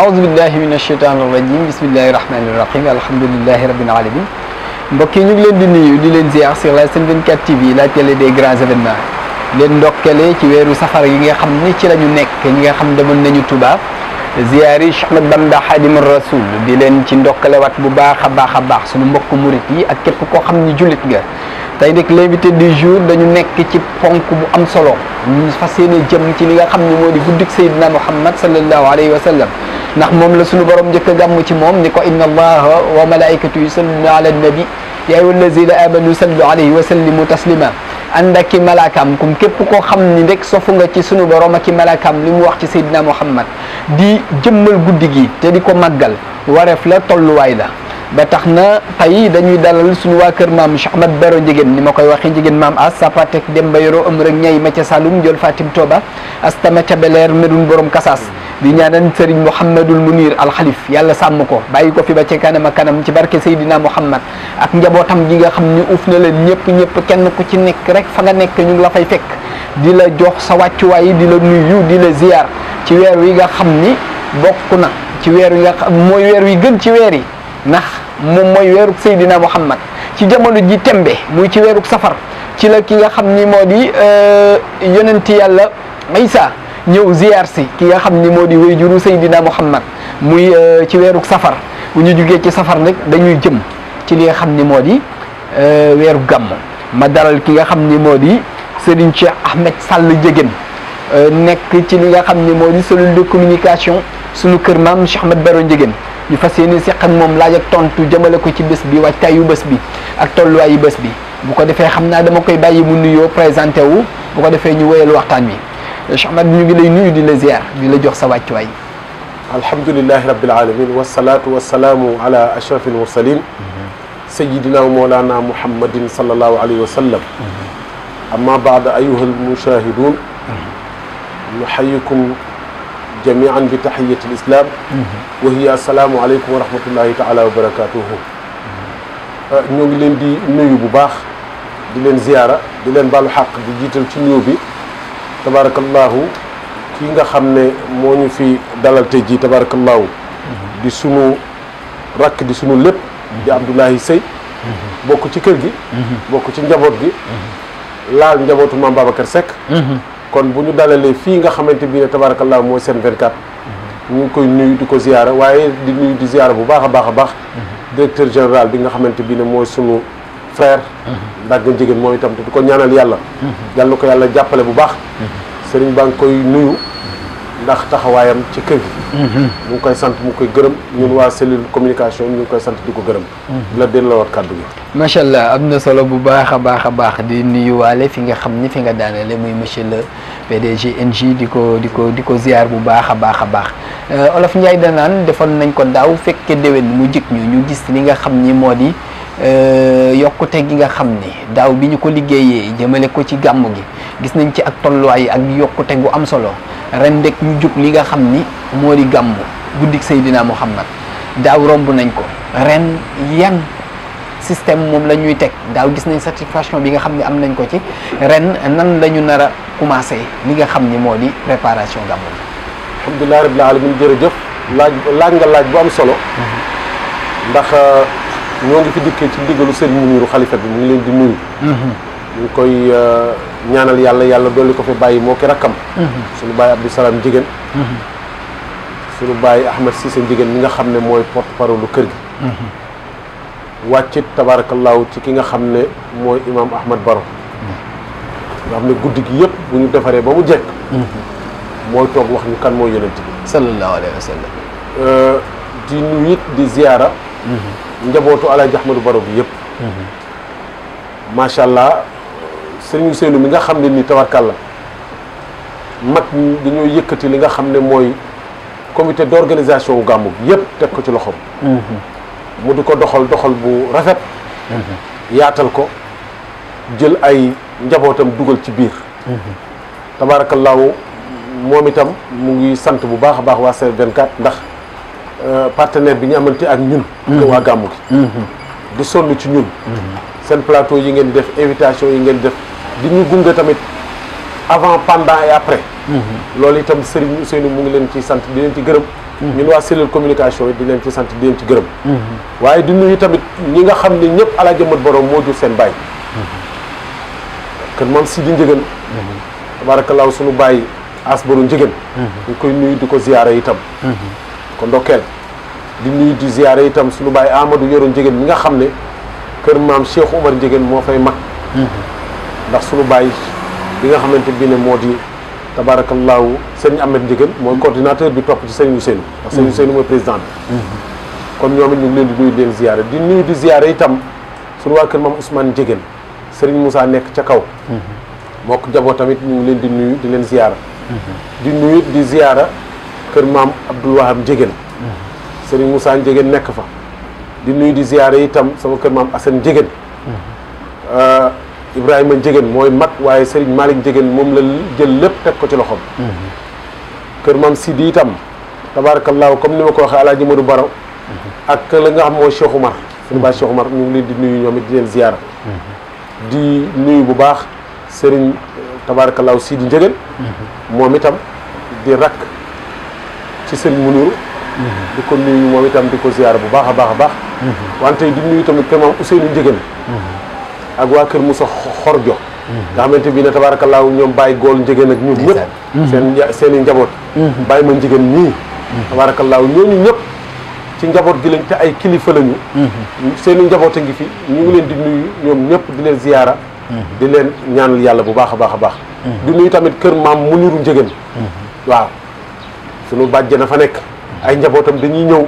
aouzu billahi mina sheytaani rajim bismillahi rahmaani rahim alhamdulilahi rabbil alamin mbokk yi ñu ngi leen di nuyu di leen ziar sur la Sen 24 TV la télé des grands événements leen ndokkale ci weeru safar yi nga xam ni ci la ñu nekk ñi nga xam demoon nañu Touba ziyaari Cheikh Ahmad Bamba Xaadimu Rasul di leen ci ndokkale wat bu baax a baax a baax suñu mbokk murit yi ak képp koo xam ni jullit nga tey nag l'invité du jour dañu nekk ci ponk bu am solo ñu fas yéene jëm ci li nga xam ne moo di guddik Seydina Muhammad sallallahu alayhi wa sallam ndax moom la suñu borom njëkk a gàmm ci moom ni ko inna allaha wa malaikatu yusalluna ala nabi ya ayyuha allazina amanu sallu alayhi wa sallimu taslima ànd ak ki malaakaam kum képp koo xam ni rek sofu nga ci sunu borom ak ki malaakaam li mu wax ci Seydina Muhammad di jëmmal guddi gi te di ko màggal wareef la tolluwaay la ba taxna tay dañuy dalal suñu wa kër maam Cheikh Ahmad Baro jigen ni makoy koy jigen mam maam as dem ba yoro ëmb rek ma ca salum jol Fatim Toba astama ca beler medun borom kassas di ñaanan Serigne Munir al Khalif yalla sam ko bayiko fi ba ci kanam kanam ci barke sayidina Mouhamad ak njabotam gi nga xamni ni uuf na leen ñepp ñepp kenn ku ci nek rek fa nga nek ñu la fay fek di la jox sa way di la nuyu di la ziar ci weer wi nga xamni ni na ci weer wi nga moy wi gën ci ndax moom mooy weeruk Seydina Muhammad ci jamono ji tembe muy ci weeruk safar ci la ki nga xam ni moo di euh, yonenti yàlla Isa ñëw ziar si ki nga xam ni moo di way juru Seydina Muhammad muy euh, ci weeruk safar bu ñu jugee ci safar nag dañuy jëm ci li nga xam ni moo di euh, weeru gàmm ma dalal ki nga xam ni moo di Serigne Cheikh Ahmed sàll Diegane nekk ci li nga xam ni moo di de communication sunu kër maam Cheikh Ahmed Baro Diegane ñu fas yéene seq ak moom laaj ak tontu jëmale ko ci bés bi waajtaayu bés bi ak tolluwaayu bés bi bu ko defee xam naa dama koy bàyyi mu nuyoo présenté wu bu ko defee ñu wéyal waxtaan wi Cheikh Ahmed ñu ngi lay nuyu di la ziar di la jox sa wàccuwaay alhamdulilahi rabbil alamin wasalaatu wasalaamu ala ashrafil mursalin sayidina wa moolana muhammadin salallahu alayhi wa sallam amma baada ayuha almushahidun nuxayikum جميعا بتحية الإسلام وهي السلام عليكم ورحمة الله تعالى وبركاته نيو لين دي نيو بو باخ دي لين زياره دي لين بالو حق دي جيتال تي نيو بي تبارك الله كيغا خامني مو ني في دالال تي جي تبارك الله دي سونو راك دي سونو ليب دي عبد الله سي بوكو تي كيرغي بوكو تي نجابوت دي لال نجابوت مام بابكر سك kon bu ñu dalalee fii nga xamante bi ne tabarakallah mooy seen 24 ñu ngi koy nuyu di ko ziyaara waaye di nuyu di ziyaara bu baax a baax a baax directeur général bi nga xamante bi ne mooy sunu frère Ndagga Njigéen moom itam te ko ñaanal yàlla mhm. yàlla ko yàlla jàppale bu baax mhm. sëriñ baa ngi koy nuyu ndax taxawaayam ci kër gi mhm. mu koy sant mu koy gërëm ñun waa cellule communication ñu koy sant di ko gërëm mhm. la delloowaat kàddu gi macha allah am na solo bu baax a baax a baax di nuyuwaale fi nga xam ni fi nga daanale muy monsieur le PDG NJ di ko di ko di ko ziar bu baax a baax a baax euh, Olof Ndiaye danaan defoon nañ ko daaw fekke déwén mu jik ñu ñu gis ni nga xam ni moo di euh, yokkute gi nga xam ni daaw bi ñu ko liggéeyee jëmale ko ci gàmm gi gis nañ ci ak tolluwaay ak yokkute gu am solo ren ndekk ñu jub li nga xam ni moo di gàmmu guddik Seydina Muhammad daaw romb nañ ko ren yan système moom la ñuy teg daaw gis nañ satisfaction bi nga xam ne am nañ ko ci ren nan lañu ñu nar a commencé li nga xam ni moo di préparation gàmmu alhamdulilah rabbil alamin jërëjëf laaj laaj nga laaj bu am solo mhm. ndax euh, ñoo ngi fi dikkee ci diggalu Serigne Mouniru xalifa bi mu leen di nuyu mhm. ñu ngi koy euh, ñaanal yàlla yàlla dolli ko fi bàyyi moo ki rakkam mhm. suñu bàyyi Abdou Salam jigéen mhm. suñu bàyyi Ahmed Cissé jigéen mi nga xam ne mooy porte parole kër gi mhm. wàccit tabaarakallaahu ci ki nga xam ne mooy imaam Ahmed Baro nga xam ne guddi gi yëpp bu ñu defaree ba mu jekk mooy toog wax ñu kan mooy yonent bi sallallahu alayhi wa sallam euh, di di ziyaara njabootu Alaaji Ahmadu Baro bi yëpp macha ñu Ousseynou mi nga xam ne nii tabarkàlla mag ñi dañoo yëkkati li nga xam ne mooy commité d'organisation wu gàmmu yépp teg ko ci loxoom. Mm-hmm. mu di ko doxal doxal bu rafet. Mm-hmm. yaatal ko jël ay njabootam dugal ci biir. Mm-hmm. tabaarakallaahu moom itam mu ngi sant bu baax a baax waa Sen 24 ndax euh, partenaire bi ñu amante ak ñun. waa gàmmu gi. di sonn ci ñun. seen plateau yi ngeen di def invitation yi ngeen di def. di ñu gunge tamit avant pendant et après. Mhm. loolu itam Serigne Ousseynou mu ngi leen ci sant di leen ci gërëm. Mhm. ñun waa cellule communication yi di leen ci sant di leen ci gërëm. Mhm. waaye di nuyu tamit ñi nga xam ne ñëpp ala jëmmat borom moo jur seen baay. kër maam Sidi Njëgën. tabaarakalaaw sunu baay asbaru Njëgën. ñu koy nuyu di ko ziyaara itam. ko ndokkeel di nuyu di ziyaara itam sunu baay Amadou Yoro Njëgën mi nga xam ne kër maam Cheikh Omar Njëgën moo fay mag. ndax sunu bàyyi bi nga xamante bi ne moo di tabaarakallaahu sëñ Ahmed Ndiéguène mooy coordinateur bi topp ci sëñ Ousseynou ndax sëñ Ousseynou mooy président bi kon ñoom it ñu ngi leen di nuyu di leen ziyaare di nuyu itam sunu waa kër maam Ousmane Ndiéguène sëriñ Moussa nekk ca kaw moo jaboo tamit ñu ngi leen di nuyu di leen ziyaara di nuyu di ziyaara kër maam Abdoul Wahab Ndiéguène sëriñ Moussa Ndiéguène nekk fa di nuyu di ziyaare itam sama kër maam Assane Ndiéguène Ibrahima Njëgën mooy mag waaye sëriñ Malick Njëgën moom la jël lépp teg ko ci loxoom. Mhm. kër maam Sidi itam tabaarakallaahu comme ni ma ko waxee El Hadj Modou Baro. Mhm. ak la nga xam mooy Cheikh Oumar. sëñ Ba Cheikh Oumar ñu leen di nuyu ñoom it di leen mhm. di nuyu bu baax Serigne tabaarakallaahu Sidi Njëgën. moom itam di rakk ci Serigne Mounirou. di ko nuyu moom itam di ko ziyaara bu baax a baax a baax. wante di nuyu tamit kër maam Ousseynou Njëgën. ak waa kër Moussa Xorjo nga xamante bi ne tabaarakallaahu ñoom bàyyi gool njigéen ak ñun ñëpp seen seen i njaboot mm-hmm. bàyyi ma njigéen ñii mm-hmm. tabaarakallaahu ñooñu ñëpp ci njaboot gi lañ te ay kilifa lañu mm-hmm. seen njaboot a ngi fi ñu ngi leen di nuyu ñoom ñëpp di leen ziyaara di leen ñaan yàlla bu baax a baax a baax di nuyu tamit kër maam mu niru njigéen waaw suñu bàjjen a fa nekk ay njabootam dañuy ñëw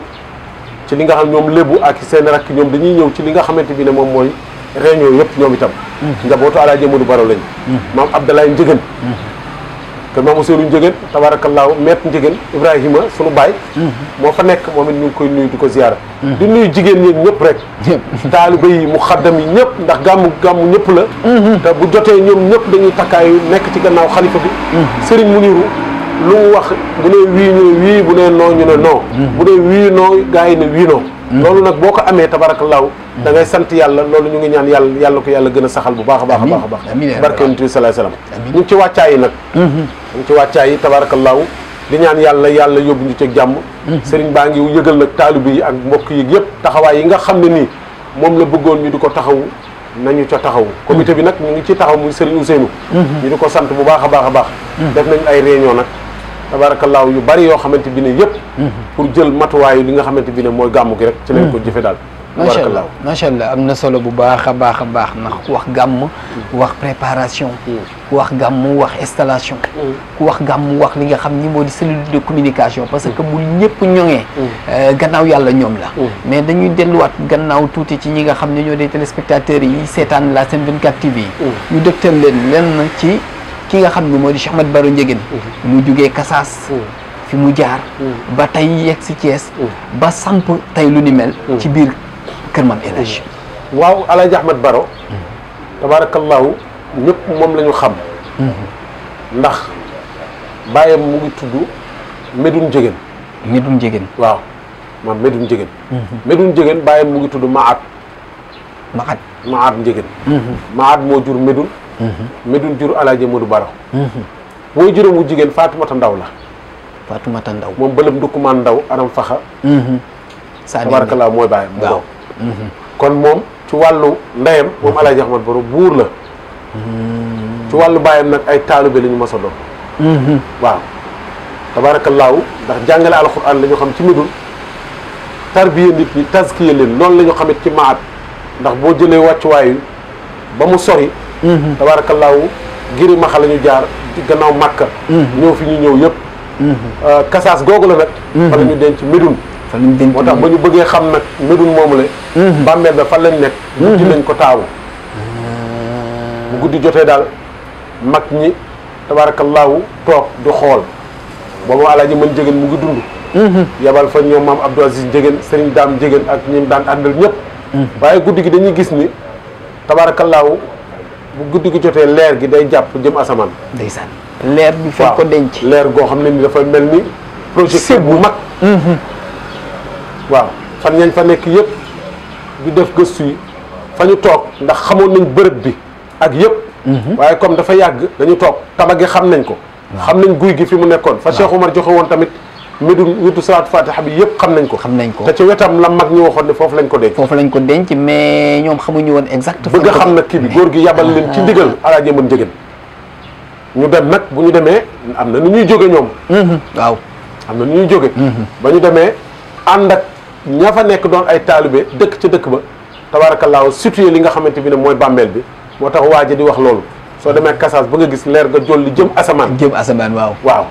ci li nga xam ñoom lébu ak seen rakk ñoom dañuy ñëw ci li nga xamante bi ne moom mooy réunion yëpp ñoom itam. njabootu Alaaji Modou Baro lañ. maam Abdoulaye Njëgën. te maam Ousseynou Njëgën tabaarakallaahu maître Njëgën Ibrahima sunu baay. moo fa nekk moom it ñu ngi koy nuyu du ko ziyaara. di nuyu jigéen ñi ñëpp rek. taaliba yi mu xaddam yi ñëpp ndax gàmmu gàmmu ñëpp la. te bu jotee ñoom ñëpp dañuy takkaayu nekk ci gannaaw xalifa bi. mu Mouniru lu mu wax bu nee wii ñu ne wii bu nee noo ñu ne non. bu nee wii noo gaa yi ne wii noo. loolu nag boo ko amee tabaarakallaahu dangay sant yàlla loolu ñu ngi ñaan yàlla yàlla ko yàlla gën a saxal bu baax a baax a baax a baax barke yonent bi salaay salaam ñu ci wàccaay yi nag ñu ngi ci wàccaa yi mhm. tabaarakallaahu di ñaan yàlla yàlla yóbbu ñu ci jàmm mhm. sëriñ baa ngi yëgal nag taalibe yi ak mbokk yi yëpp taxawaay yi nga xam ne nii moom la bëggoon ñu di ko taxawu nañu ca taxaw mhm. comité bi nag ñu ngi ci taxaw muy sëriñ Ousseynou ñu di ko sant bu baax a a baax def nañ ay réunion nag tabaarakallaahu yu bari yoo xamante bi ne yëpp pour jël matuwaayu li nga xamante bi ne mooy gàmmu gi rek ci lañ ko jëfe daal macha allah macha allah solo bu baax a baax a baax ndax ku wax gàmm wax préparation hmm. ku wax gàmm wax installation hmm. wax gàmm wax li nga xam ni modi di cellule de communication parce que bu ñëpp ñoŋee hmm. euh, gannaaw yàlla ñoom la mais dañuy delluwaat gannaaw tuuti ci ñi nga xam ne ñoo dee téléspectateurs yi seetaan la seen 24 TV yi ñu dëgtal leen lenn ci ki nga xam ni moo di Cheikh Ahmed Baro Ndiéguène mu jugee Kasaas fi mu jaar ba tey yegg si Thiès ba samp tey lu ni mel ci biir kër maam El waaw Alaaji Ahmed Baro hmm. tabaarakallaahu ñëpp moom lañu xam hmm. ndax bàyyam mu ngi tudd Medoune Jégéen Medoune Jégéen waaw maam Medoune Jégéen hmm. Medoune Jégéen bàyyam mu ngi tudd Maat Maat Maat Njégéen Maat moo jur Medoune Medoune jur Alaaji Modou Baro boo juróom wu jigéen Faatumata Ndaw la Faatumata Ndaw moom bëlëm ndukkumaan Ndaw aram faxa tabaarakallaahu mooy bàyyam mu kon moom ci wàllu ndeyam moom mhm. Alaaji Ahmad Baro buur la mhm. ci wàllu bàyyam nag ay taalibe la ñu mos a doon mhm. waaw tabaarakallaahu ndax jàngale alxuraan la ñu xam ci Médoune tarbiya nit ñi taskiya leen loolu la ñu xamit ci maat ndax boo jëlee wàccuwaayu ba mu sori tabaarakallaahu giri maxa la ñu jaar gannaaw màkka ñëw fi ñu ñëw yëpp euh, kasaas googu la nag fa la ñu denc Médoune fan lañ denc moo tax ba ñu bëggee xam nag moomu la mhm. bàmmeel ba fan lañ nekk. Mhm. guddi lañ ko taawu. Ah. bu guddi jotee daal mag ñi tabaarakallaahu toog di xool boobu alaaji man jegeen mu ngi dund. Mhm. yabal fa ñoom maam Abdou Aziz jegeen Serigne Dame ak ñi daan àndal ñëpp. waaye guddi gi dañuy gis ni tabaarakallaahu bu guddi gi jotee leer gi day jàpp jëm asamaan. ndeysaan leer bi. fa ko denc leer goo xam ne ni dafa mel ni. projet bu mag. waaw fan yañ fa nekk yëpp di def gëstu yi fa ñu toog ndax xamoon nañ bërëb bi ak yëpp mhm. waaye comme dafa yàgg dañu toog taba gi xam nañ ko xam nañ guy gi fi mu nekkoon fa Cheikh joxe woon tamit médu wetu salaatu fatiha bi yëpp xam nañ ko xam nañ ko te ci wetam la mag ñu waxoon ne foofu lañ ko denc foofu lañ ko denc mais ñoom xamuñu woon exact bëgg a xam nag kii bi góor gi yabal leen ci ah. ndigal alaaji mën jegéen ñu dem nag bu ñu demee am na nu ñuy jóge ñoom mhm. waaw am na nu ñuy jóge mhm. ba ñu demee ànd ña fa nekk doon ay taalibe dëkk ca dëkk ba tabaarakallaahu situé li nga xamante bi ne mooy bàmmeel bi moo tax waa ji di wax loolu soo demee kasaas ba nga gis leer ga jolli jëm asamaan jëm asamaan waaw waaw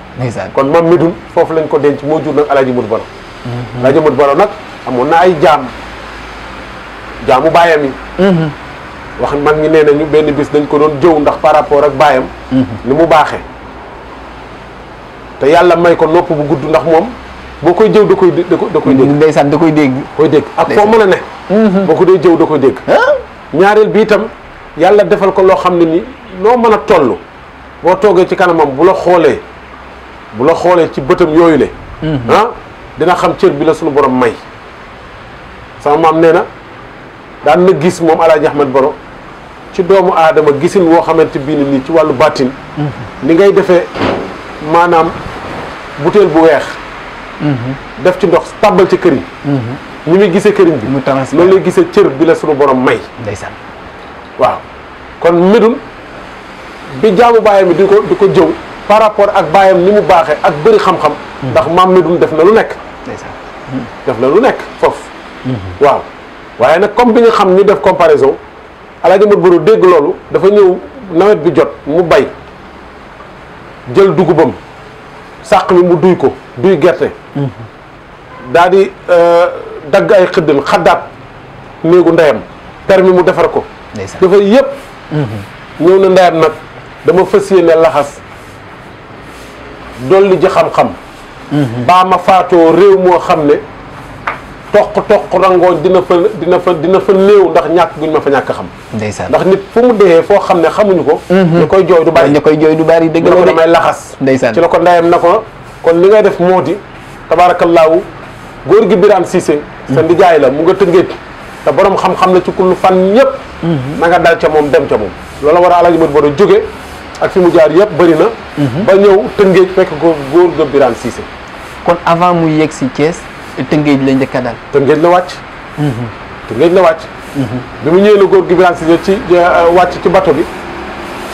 kon moom Médoune foofu lañ ko denc moo jur nag alaaji mut baro mhm. alaaji mut baro nag amoon na ay jaam jaamu baayam yi mhm. wax mag ñi nee nañu benn bis dañ ko doon jëw ndax par rapport ak baayam mhm. ni mu baaxee te yàlla may ko nopp bu gudd ndax moom boo koy jëw da koy da koy da koy dégg. da koy dégg. koy dégg ak foo mën a ne. Mm-hmm. boo ko dee jëw da koy dégg. ñaareel bi itam yàlla defal ko loo xam ne ni loo mën a tollu boo toogee ci kanamam bu la xoolee bu la xoolee ci bëtam yooyu le mm-hmm. ah dina xam cër bi la suñu borom may. sama maam nee na daan na gis moom Alaaji Ahmed Boro ci doomu aadama gisin woo xamante bii nii ci wàllu bàttin mm-hmm. ni ngay defee maanaam butéel bu weex. Mm-hmm. def ci ndox tàbbal ci këriñ mm-hmm. ni muy gisee këriñ bi mu transfert loolu lay gisee cër bi la suñu borom may ndeysaan waaw kon medul bi jaamu baayam bi di ko di ko jëw par rapport ak baayam ni mu baaxee ak bëri xam-xam mm-hmm. ndax maam medul def na lu nekk ndeysaan def na lu nekk foofu waaw waaye nag comme bi nga xam ni def comparaison alaaji mat boro dégg loolu dafa ñëw nawet bi jot mu bay jël dugubam sàq mi mu duy ko duy gerte Mm-hmm. daa di euh, dagg ay xëddam xaddaat néegu ndeyam permis mu defar ko dafa yëpp mm-hmm. ñëw na ndeyam nag dama fas yéene laxas dolli ji xam-xam mm-hmm. baa ma faatoo réew moo xam ne toq toq rangooñ dina fa dina fa dina fa néew ndax ñàkk guñ ma fa ñàkk xam ndeysaan ndax nit fu mu dee foo xam ne xamuñu ko ñu koy jooy du bari ñu koy jooy du bari damay laxas ndeysaan ci la ko ndeyam na ko kon li ngay def moo di tabaarakallaahu góor gi Birame Cissé sa ndijaay la mu nga tëngéej te borom xam-xam la ci kullu fan yépp mhm. na nga dal ca moom dem ca moom loola war a alaji mat bodo jóge ak fi mu jaar yëpp bëri na mhm. ba ñëw tëngéej fekk ko góor ga Birame Cissé kon avant muy yegg si Thiès tëngéej la njëkk a dal tëngéej la wàcc mhm. tëngéej la wàcc bi mu ñëwee la góor gi Birame Cissé ci euh, wàcc ci bato bi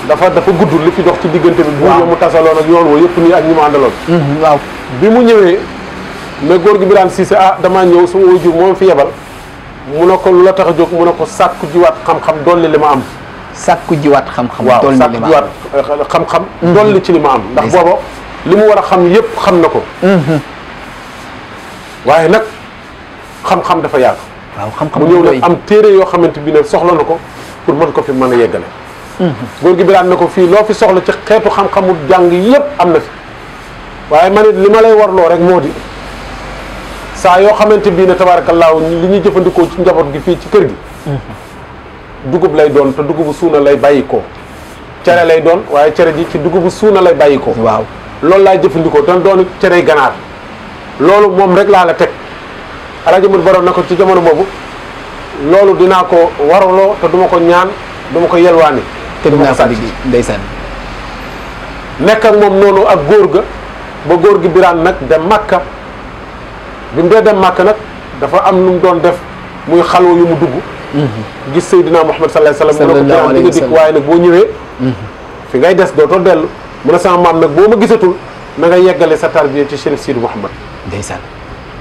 dafa dafa gudd li fi jox ci diggante bi bu mu tasaloon ak yoon wa yëpp nii ak ñi mu àndaloon waaw bi mu ñëwee mais góor gi Birane Cissé ah damaa ñëw sama waajur moom fi yebal mu a ko lu la tax a jóg mu ne ko sàkku jiwaat xam-xam dolli li ma am. sàkku jiwaat xam-xam. dolli euh, mhm. li ma am waaw sàkku ci li am. ndax booba li mu war a xam yépp xam na ko. Mhm. waaye nag xam-xam dafa yàgg. waaw xam mu ñëw nag am téere yoo xamante bi ne soxla na ko pour mën ko fi mën a yeggale. Mhm. góor gi Birane na ko fii loo fi soxla ci xeetu xam-xamu jàng yépp am na fi waaye man it li ma lay warloo rek moo di. saa yoo xamante bii ne tabaarakallaahu li ñuy jëfandikoo ci njaboot gi fii ci kër gi dugub lay doon te dugubu suuna lay bàyyi ko cere lay doon waaye cere ji ci dugubu suuna lay bàyyi ko waaw loolu laa jëfandikoo te doon cerey ganaar loolu moom rek laa la teg rajo mut baroon na ko ci jamono boobu loolu dinaa ko waraloo te duma ko ñaan duma ko yelwaani te dinaa ko liggéey nekk ak moom noonu ak góor ga ba góor gi biraan nag dem Makka bi mu dee dem màkk nag dafa am lu mu doon def muy xalwa yu mu dugg gis Seydina Muhammad sallallahu alayhi wasallam mu ne ko di nga dikk waaye nag boo ñëwee fi ngay des dootoo dellu mu ne sama maam nag boo ma gisatul na nga yeggale sa tarbiya ci Chérif Sidou Mouhamad ndeysaan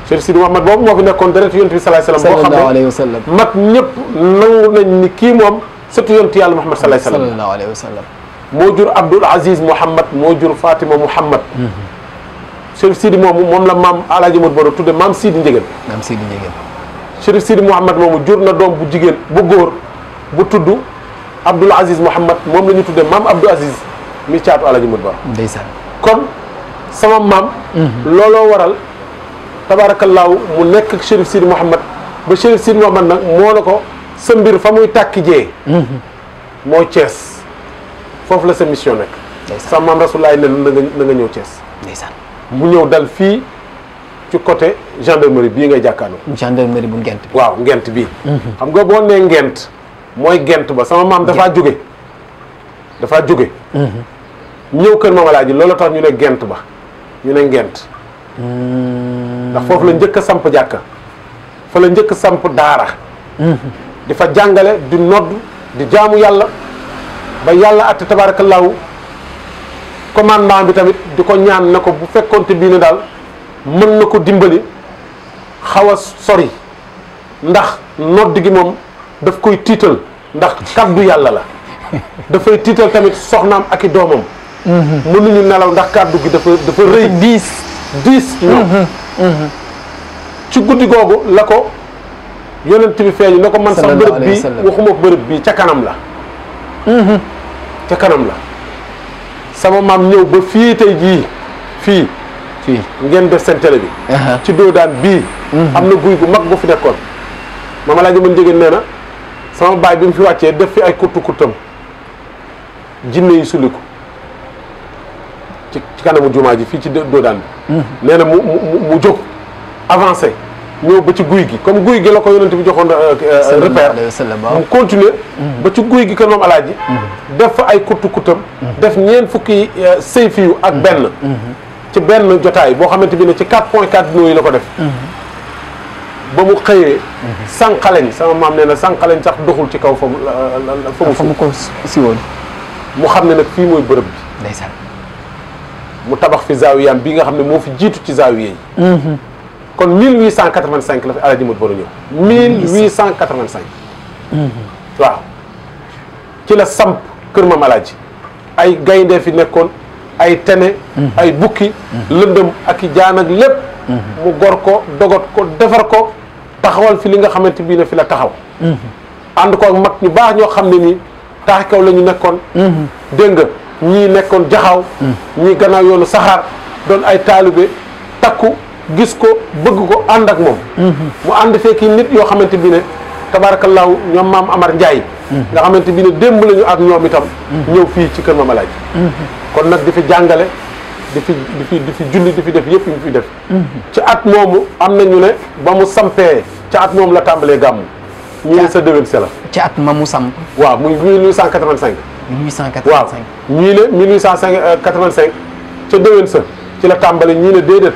Chérif Sidou Mouhamad boobu moo fi nekkoon deret yonent bi sallallahu alayhi wasallam boo xam ne mag ñëpp nangu nañ ni kii moom surtout yonent yàlla Muhammad sallallahu alayhi wasallam moo jur Abdoul Aziz Mouhamad moo jur Fatima Mouhamad Chérif Sidi moomu moom la maam El Hadj Modou Baro tudde maam Sidi Njëgeen. maam Sidi Njëgeen. Chérif Mouhamad moomu jur na doom bu jigéen bu góor bu tudd Abdoul Aziz Mouhamad moom la ñu tudde maam Abdou Aziz mi caatu El Hadj Modou Baro. ndeysaan sama maam. Mhm. looloo waral tabaarakallaahu mu nekk ak Sidi Mouhamad ba Chérif Sidi Mouhamad nag moo na ko sa mbir fa muy tàkki jee. Mhm. mooy Thiès foofu la sa mission nekk. ndeysaan sa maam Rasulaay ne na nga ñëw Thiès. mu ñëw dal fii ci côté gendarmerie bii ngay jàkkaarloo. gendarmerie bu ngent bi waaw ngent bii. Mhm. xam nga boo nee ngent mooy ngent ba sama maam dafaa jóge dafaa jóge mhm. ñëw kër Mama Laaji loolu tax ñu ne ngent ba ñu ne ngent. Mhm. ndax foofu la njëkk a samp jàkka fa la njëkk samp daara. di fa jàngale di nodd di jaamu yàlla ba yàlla àtte law commandant bi tamit di ko ñaan na ko bu fekkoonte bii ne daal mën na ko dimbali xaw a sori ndax nodd gi moom daf koy tiital ndax kaddu yàlla la dafay tiital tamit soxnaam ak i doomam mm-hmm. mënuñu nelaw ndax kàddu gi dafa dafa rëy diis diis ñoom mm-hmm. mm-hmm. ci guddi googu la ko yonent bi feeñu na ko man sax bërëb bii waxuma ko bërëb bii ca kanam la ca kanam la sama maam ñëw ba fii tey jii fii fii ngeen def seen télé bi uh-huh. ci doodaan bii mm-hmm. am na guy gu mag gu fi nekkoon mama laa mën jegéen nee na sama baay bi mu fi wàccee def fi ay kurtu kurtam jinne yi suliku ci ci kanamu jumaa ji fii ci doodaan bi mm-hmm. nee na mu mu mu jóg avancé ñëw ba ci guy gi comme guy gi la ko yonent bi joxoon euh, euh, repère mu continuer ba ci guy gi kan moom alaaji mm-hmm. def fa ay kuttu kuttam mm-hmm. def ñeent fukki euh, sayfi yu ak benn mm-hmm. ci benn jotaay boo xamante bi ne ci 4 point 4 yi la ko def ba mu xëyee sànqaleñ sama maam nee na sànqaleñ sax doxul ci kaw fa mu fa mu ko si woon mu xam ne nag fii mooy bërëb bi mu tabax fi zaawiyam bii nga xam ne moo fi jiitu ci zaawiya yi kon 1885 la fi Alaaji Modou Baro ñëw. 1885. Mm-hmm. waaw ci la samp kër Maam Alaaji ay gaynde fi nekkoon ay tene. Mm-hmm. ay bukki. Mm-hmm. lëndëm ak i jaan ak lépp. mu gor ko dogot ko defar ko taxawal fi li nga xamante bii ne fi la taxaw. ànd ko ak mag ñu baax ñoo xam ne nii taax kaw la ñu nekkoon. dégg nga ñii nekkoon jaxaw. ñii gannaaw yoonu saxaar doon ay taalibe takku. gis ko bëgg ko ànd ak moom mhm. mu ànd fekki nit yoo xamante bi ne tabaarakallaahu ñoom maam Amar Ndiaye mhm. nga xamante bi ne démb lañu ak ñoom itam mhm. ñëw fii ci kër Mama Laaji kon nag di fi jàngale di fi di fi di fi julli di fi def yëpp ñu fi def ci at moomu am ñu ne ba mu sampee ci at moomu la tàmbalee gàmmu ñu ne sa déwén se la ci at ma mu samp waaw muy 1885 1885 waaw ñii ne 1885 euh, ca déwén sa ci la tàmbale ñii ne déedéet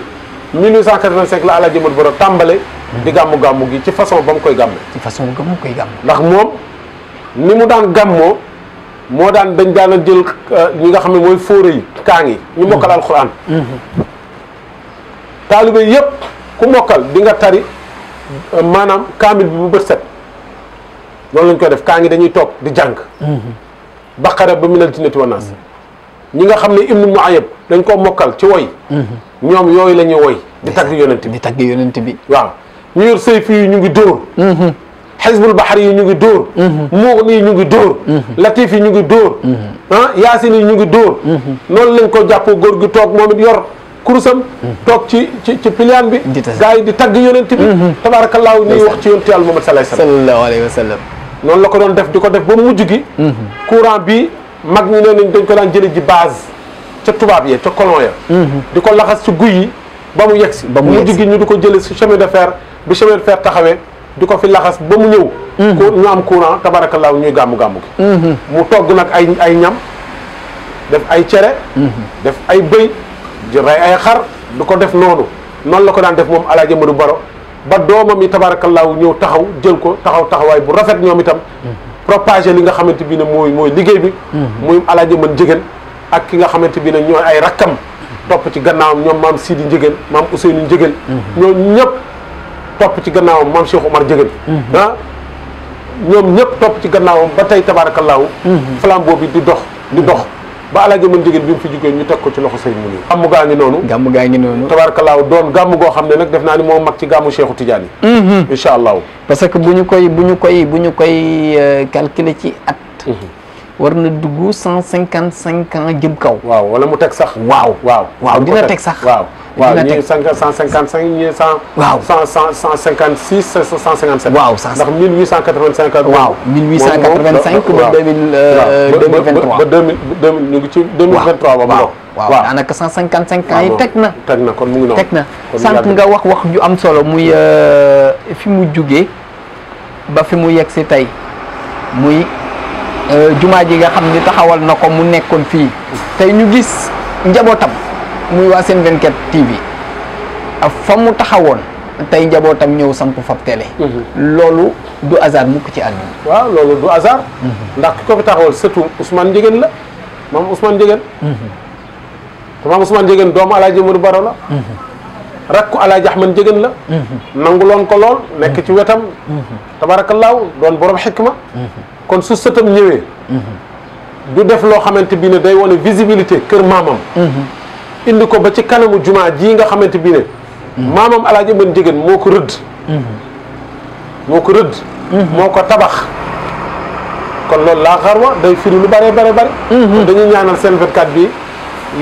1885 la Alaaji Mat Boro tàmbale di gàmmu gàmmu gi ci façon ba mu koy gàmmee ci façon ba koy gàmm ndax moom ni mu daan gàmmoo moo daan dañ daan a jël euh, ñi nga xam ne mooy fóore yi kaang yi ñu mm-hmm. mokkal alxuraan mm-hmm. taalibe yëpp ku mokkal di nga tari euh, maanaam kaamil bi bu bët set loolu lañ koy def kaa ngi dañuy toog di jàng mm-hmm. baqara ba minal jinnati wan naas ñi nga xam ne ibnu muayab dañ ko mokal ci way ñom yoy lañu way di tagg yonent bi di tagg yonent bi waaw ñu yor sayf yi ñu ngi dóor xisbul bahar yi ñu ngi dóor mughni yi ñu ngi dóor latif yi ñu ngi dóor han yasin yi ñu ngi dóor non lañ ko jàpp gor gu tok momit yor kurusam tok ci ci ci piliyaan bi gars di tagg yonent bi tabarakallah ni wax ci yonent yàlla Muhammad sallallahu alayhi wasallam non la ko don def diko def ba mujj gi courant bi mag ñu nee nañ dañ ko daan jële ji base ca tubaab ya ca colon ya mhm. di ko laxas ci guy yi ba mu yegg si mu jigi ñu di ko jële si chemin de fer bi chemin de fer taxawee di ko fi laxas ba mu ñëw mhm. ko ñu am courant tabarakallaa ñuy gàmmu-gàmmu gi mhm. mu togg nag ay ay ñam def ay cere def ay bëy di ay xar du ko def noonu noonu la ko daan def moom alaaji Amadou Baro ba doomam yi tabarakallaa ñëw taxaw jël ko taxaw taxawaay bu rafet ñoom itam propager li nga xamante bi ne mooy mooy liggéey bi mhm. muy alaaji man jigéen ak ki nga xamante bi ne ñooy ay rakkam topp ci gannaawam ñoom maam Sidi Njëgën maam Ousseynou Njëgën mhm. ñoom ñëpp topp ci gannaawam maam Cheikh Omar Njëgën mhm. ah, ñoom ñëpp topp ci gannaawam ba tey tabaarakallaahu flambeau bi di dox di dox ba alaaji mën jigéen bi mu fi jugee ñu teg ko ci loxo sëñ mu nii gàmm gaa ngi noonu gàmm gaa ngi noonu tabarkalaaw doon gàmm goo xam ne nag def naa ni moo mag ci gàmmu Cheikhu Tidiane yi mhm. allahu parce que bu ñu koy bu ñu koy bu ñu koy euh, calculer ci at mhm. war na dugg cent cinquante cinq ans jëm kaw. waaw wala mu teg sax. waaw waaw waaw dina teg sax. waaw waaw ñii cent cinquante cinq ñii cent. waaw cent cent cinquante six cent cinquante sept. waaw cent ndax mille huit cent quatre vingt cinq. waaw mille huit cent quatre vingt cinq ba deux mille deux mille vingt trois ba deux mille deux mille ñu ngi ci deux mille vingt trois ba waaw waaw daanaka cent cinquante cinq ans yi ah, teg na. teg na kon mu ngi noonu teg na sànq nga wax wax ju am solo muy euh, fi mu jugee ba fi mu yegg si tey muy. Euh, jumaa ji nga xam ni taxawal na ko mu nekkoon fii tey ñu gis njabootam muy waa seen 24 TV fa mu taxawoon tey njabootam ñëw samp fab télé mhm. loolu du hasard mukk ci àdduna waaw loolu du hasard mhm. ndax ki ko fi taxawal surtout Ousmane Ndiéguène la maam Ousmane Ndiéguène mhm. te maam Ousmane Ndiéguène doomu Alaaji Modou Baro la rakku Alaaji Ahmad Ndiéguène la nanguloon ko lool nekk ci wetam tabarakallaahu doon borom xikma kon su sëtam ñëwee du def loo xamante bi ne day wane visibilité kër maamam indi ko ba ci kanamu jumaa ji nga xamante bi ne maamam alaaji mën jigéen moo ko rëdd moo ko rëdd moo ko tabax kon loolu laa xarwa day firi lu bare bare bare dañuy ñaanal seen 24 bi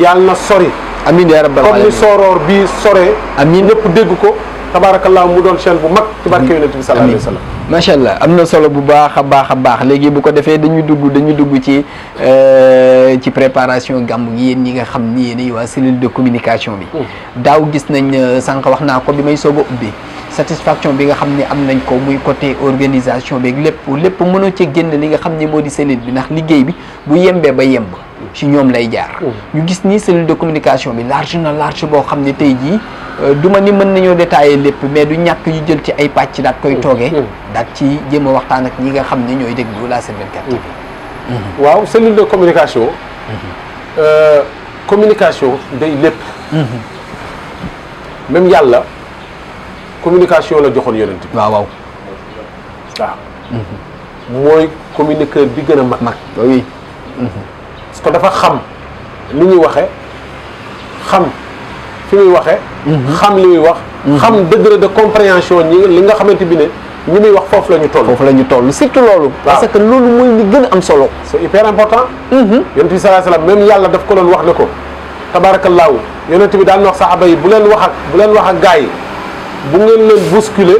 yàlla na sori amiin yaa rabbal comme ni sooroor bii soree amiin ñëpp dégg ko tabaarakallaahu mu doon chaîne bu mag ci barke yonent bi sallallaahu alayhi wa sallam macha allah am na solo bu baax a baax a baax léegi bu ko defee dañuy dugg dañuy dugg ci euh, ci préparation gàmmu gi ñi nga xam ni yéen waa cellule de communication bi. Hmm. daaw gis nañ euh, sànq wax naa ko bi may soog a ubbi satisfaction bi nga xam ni am nañ ko muy côté organisation beeg lépp lépp mënoo ci génn li nga xam ni moo di cellule bi ndax liggéey bi bu yembee ba yemb. ci ñoom lay jaar. Oh. ñu gis ni cellule de communication bi large na large boo xam ne tey jii euh, du ma ni mën nañoo détailler lépp mais du ñàkk ñu jël ci ay pàcc daat koy oh. tooge oh. daat ci jéem a waxtaan ak ñi nga xam ne ñooy déglu la Sen 24 TV. Mm-hmm. waaw cellule de communication. Mm-hmm. Euh, communication day lépp. Mm-hmm. même yàlla communication la joxoon yonent bi. waaw waaw. Ah. mooy communiqueur bi gën a mag. mag oui. que dafa xam ni ñuy waxee xam fi muy waxee. xam li muy wax. xam degré de compréhension ñi li nga xamante bi ne ñi muy wax foofu la ñu toll. foofu la ñu toll surtout loolu. parce que loolu mooy li gën a am solo. c'est hyper important. yonent bi sallallahu alayhi wa sallam même yàlla daf ko doon wax ne ko tabaarakallaahu yonent bi daan wax saxaaba yi bu leen wax ak bu leen wax ak gars yi bu ngeen leen bousculer.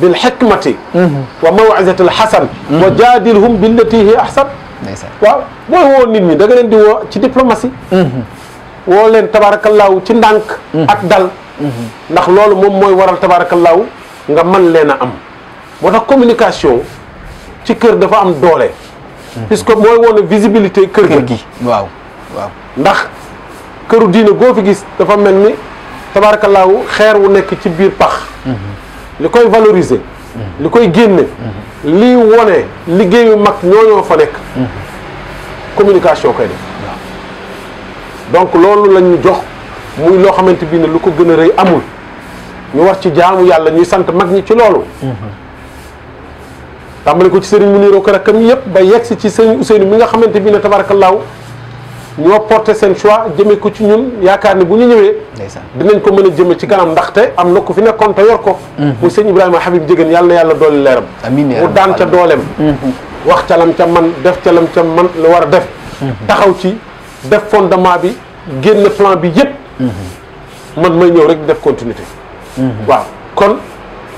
بالحكمة وموعظة الحسن وجادلهم بالتي هي أحسن waaw booy woo nit ñi da nga leen di woo ci diplomatie woo leen tabaarakallaahu ci ndànk ak dal ndax loolu moom mooy waral tabaarakallaahu nga mën leen a am moo tax communication ci kër dafa am doole puisque mooy woon visibilité kër gi waaw waaw ndax këru diine goo fi gis dafa mel ni tabaarakallaahu xeer wu nekk ci biir pax li koy valoriser li koy génne lii wone liggéeyu mag ñooñoo fa nekk communication koy def donc loolu lañ ñu jox muy loo xamante bi ne lu ko gën amul ñu war ci jaamu yàlla ñuy sant mag ñi ci loolu tàmbali ko ci sëriñ mu niiroo ko rakkam yëpp ba yegg ci sëriñ Ousseynou mi nga ne ñoo porté seen choix jëmee ko ci ñun yaakaar ne bu ñu ñëwee dinañ ko mën jëme ci kanam ndaxte am na ku fi nekkoon te yor ko mu sëñ Ibrahima Habib Diéguène yàlla yàlla doole leeram mu daan ca dooleem wax ca lam ca man def ca lam ca man lu war def taxaw ci def fondement bi génn plan bi yëpp man may ñëw rek def continuité waaw kon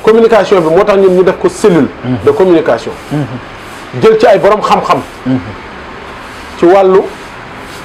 communication bi moo tax ñun ñu def ko cellule de communication jël ci ay borom xam-xam ci wàllu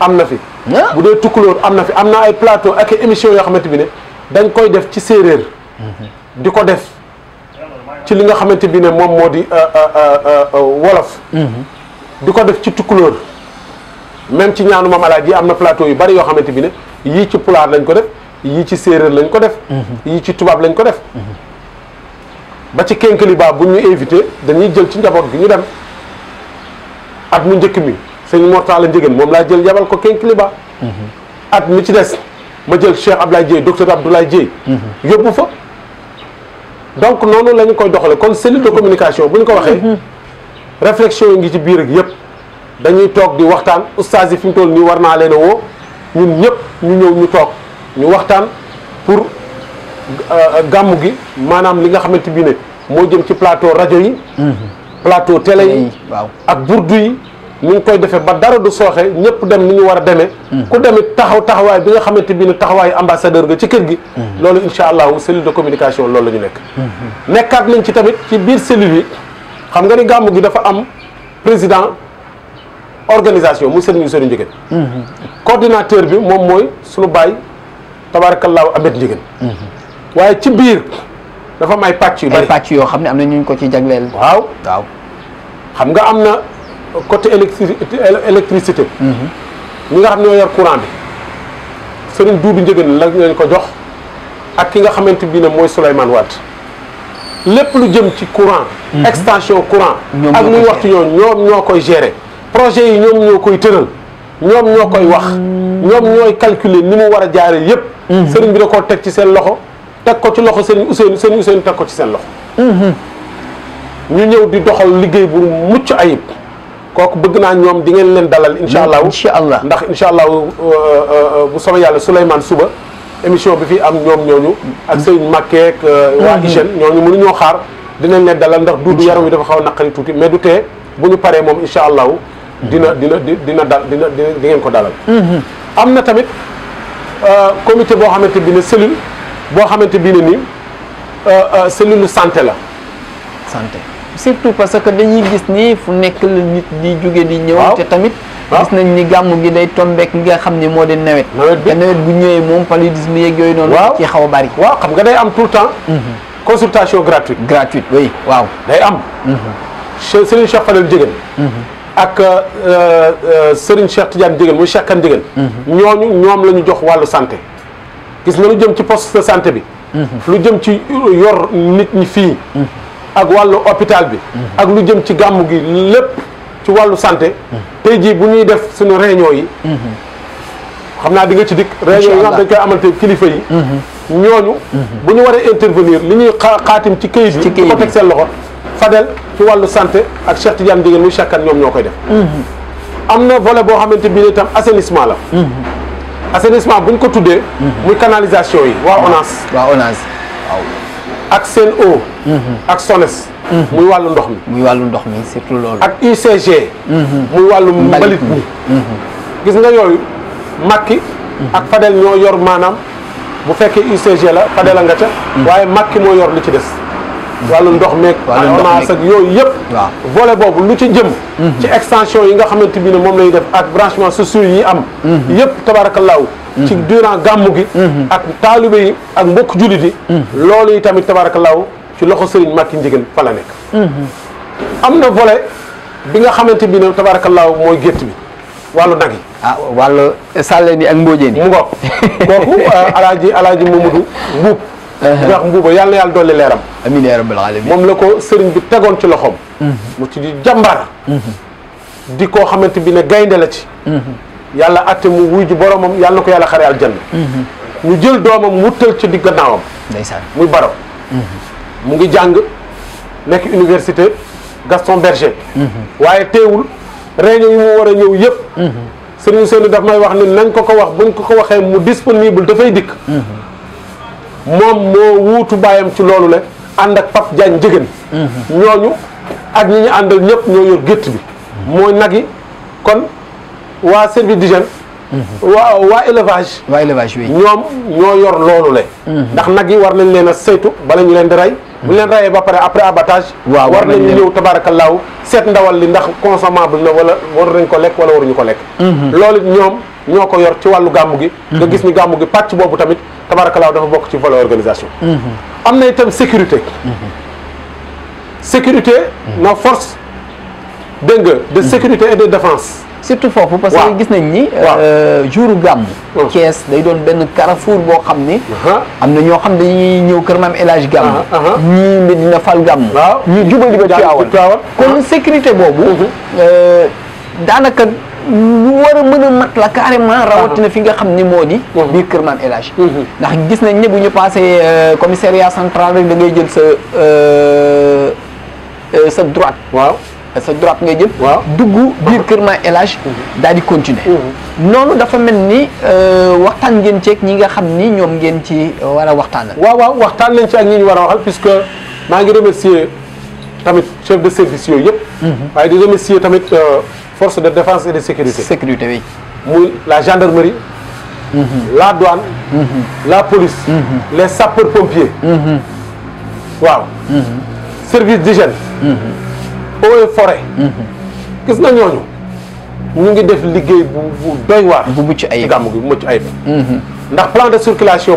am na fi. Ah. bu dee tukkulóor am na fi am na ay plateau ak émission yoo xamante bi ne dañ koy def ci séeréer. Mhm. di ko def ci li nga xamante bi ne moom moo di euh, euh, euh, wolof. Mhm. di ko def ci tukkulóor même ci ñaanu Maam Alaaji yi am na plateau yu bari yoo xamante bi ne yii ci pulaar lañ ko def yii ci séeréer lañ ko def. Mhm. yii ci tubaab lañ ko def. ba ci kénkeliba bu ñu invité dañuy jël ci njaboot gi ñu dem at mu njëkk mi. sëñ Mortala Ndiéguène moom laa jël yabal ko Kinkeliba mhm. at mi ci des ma jël Cheikh Abdoulaye Dieye docteur Abdoulaye Dieye mhm. yóbbu fa donc noonu la ñu koy doxale kon cellule de communication bu ñu ko waxee mhm. réflexion yi ngi ci biir ak yëpp dañuy toog di waxtaan oustaz yi fi mu toll nii war naa leen a woo ñun ñëpp ñu ñëw ñu toog ñu waxtaan pour euh, gàmmu gi maanaam li nga xamante bi ne moo jëm ci plateau rajo yi plateau télé yi ak burdu yi nu ngi koy defee ba dara du sooxe ñëpp dem ni ñu war a demee. Mm. ku demit taxaw taxawaay bi nga xamante bii ni taxawaayu ambassadeur ga ci kër gi. Mm. loolu incha allahu cellule de communication loolu la ñu nekk. Mm-hmm. nekkaat nañ ci tamit ci biir cellule yi xam nga ni gàmmu gi dafa am président organisation mu sëriñ sëriñ Njëgën. coordinateur bi moom mooy suñu baay tabaarakallaahu amet Njëgën. Mm-hmm. waaye ci biir dafa may pàcc yu bari. ay pàcc yoo xam ne am na ñu ko ci jagleel. waaw waaw xam am côté électricité ñi nga xam ne ñoo yor courant bi Serigne Doudou Ndiéguène la ko jox ak ki nga xamante bii nag mooy Souleymane Wade lépp lu jëm ci courant mhm. extension courant ak luy wax ci ñoom ñoom ñoo koy gérer projet yi ñoom ñoo koy tëral ñoom ñoo koy wax mhm. ñoom ñooy calculer ni mu war a jaaree yépp mhm. sëriñ bi da koo teg ci seen loxo teg ko ci loxo sëriñ Ousseynou sëriñ Ousseynou teg ko ci seen loxo ñu ñëw di doxal liggéey bu mucc ayib kooku bëgg naa ñoom di ngeen leen dalal incha allahu incha allah ndax incha allahu bu soobee yàlla Souleymane suba émission bi fi am ñoom ñooñu ak sëñ Makke ak waa hygiène ñooñu mënuñoo xaar dinañ leen dalal ndax duudu yaram wi dafa xaw a naqari tuuti mais du tee bu ñu paree moom incha allahu dina dina dina dal dina di ngeen ko dalal am na tamit comité boo xamante bi ne cellule boo xamante bi ne nii cellule santé la santé surtout parce que dañuy gis ni fu nek le nit di jóge di ñëw té tamit gis nañ ni gamu gi day tombeek li nga xamni ni moo di nawet nawet bu ñëwé mom paludisme yeeg yoy non ci xaw bari waaw xam nga day am tout temps mhm. consultation gratuite gratuite oui waaw day am mhm. Serigne Cheikh Fadel Diegane mhm. ak euh, euh, Serigne Cheikh Tidiane Diegane muy Cheikh Kane Diegane ñooñu ñom lañu jox walu santé gis nga lu jëm ci poste de santé bi lu jëm ci yor nit ñi fi ak wàllu hôpital bi ak lu jëm ci gàmmu gi lépp ci wàllu santé tey jii bu ñuy def suñu réunion yi xam naa di nga ci dikk réunion yi nga xam dañ koy amal te kilifa yi ñooñu waree intervenir li ñuy xaatim ci këyit bi di ko teg seen loxo Fadel ci wàllu santé ak Cheikh Tidiane Ndiéguène muy Cheikh ñoom ñoo koy def am na vole boo xamante bi ne itam assainissement la mhm. assainissement bu ñu ko tuddee mhm. muy canalisation yi waa ONAS waa ak seen eau. Mm-hmm. ak SONES. Mm-hmm. muy wàllu ndox mi. muy wàllu ndox mi surtout loolu. ak UCG. Mm-hmm. muy wàllu mbalit mi gis nga yooyu Macky. ak Fadel ñoo yor maanaam bu fekkee UCG la Fadel a nga ca. waaye Macky moo yor li ci des. wàllu ndox meeg ONAS ak yooyu yëpp volet boobu lu ci jëm mhm. ci extension yi nga xamante bii ne moom lay def ak branchement sociaux yi am mhm. yëpp tabaarakallaahu mhm. ci durant gàmmu gi ak taalibe yi ak mbokk jullit yi loolu yi tamit tabaarakallaahu ci loxo sëriñ Màkki Njigéen fa la nekk am na volet bi nga xamante bi ne tabaarakallaahu mooy gétt bi wàllu nag yi ah wàllu sàlleen yi ak mbóojeen yi mu ngoog kooku euh, alaaji alaaji Mamadou Mbuub bu wax mbuuba yàlla yàlla dolli leeram amiin yaa rabbal moom la ko sëriñ bi tegoon ci loxoom mu ci di koo xamante bi ne gaynde la ci yàlla atte mu wuy ji boromam yàlla na ko yàlla xare aljanna ñu jël doomam wuttal ci digg gannaawam ndeysaan muy baro ngi jàng nekk université Gaston Berger waaye teewul réunion yi mu war a ñëw yëpp sëriñ Ousseynou daf may wax ne nañ ko ko wax buñ ko ko waxee mu disponible dafay dikk moom moo wuutu baayam ci loolu le ànd ak Pape Diagne Njëgën ñooñu ak ñi ñu àndal ñëpp ñoo yor gétt bi mooy nag yi kon waa service d'hygiène waa waa élevage waa élevage bi ñoom ñoo yor loolu le ndax nag yi war nañ leen a saytu bala ñu leen di rey bu leen rayee ba pare après abattage waa war nañu ñëw tabaarakallaahu seet ndawal li ndax consommable na wala war nañ ko lekk wala waruñu ko lekk mhm. loolu ñoom ñoo ko yor ci wàllu gàmmu gi mhm. nga gis ni gàmmu gi pàcc boobu tamit tabarakalaaw dafa bokk ci volet organisation mhm. am na itam sécurité mhm. sécurité nos forces dégg nga de sécurité et de défense surtout foofu parce que gis nañ ni euh, jouru gàmm Thiès day doon benn carrefour boo xam ni uh-huh. am na ñoo xam dañuy ñëw kër maam élage gàmm uh-huh, uh-huh. ñii Medina Fall gàmm ñu jubali ba Tiwaawan kon sécurité boobu euh, daanaka lu war a mën a mat la carrément ah. rawatina fi nga xam ni moo di mmh. biir Kër Maam El mmh. ndax gis nañ ne bu ñu passé euh, commissariat central rek da ngay jël sa euh, euh, sa droite waaw sa droite ngay jël dugg biir Kër Maam El Hadj mmh. daal di continuer noonu dafa mel ni waxtaan ngeen ci ñi nga xam ni ñoom ngeen ci war a waxtaanal waaw waaw waxtaan nañ ci ak ñi ñu war a waxal maa ngi remercier tamit chef de service yooyu yëpp. Mhm. di tamit euh, force de défense et de sécurité. sécurité oui. la gendarmerie. Mhm. la douane. Mhm. la police. les sapeurs pompiers. waaw. service d'hygiène. jeunes et forêt. gis na ñooñu ñu ngi def liggéey bu doy bu plan de circulation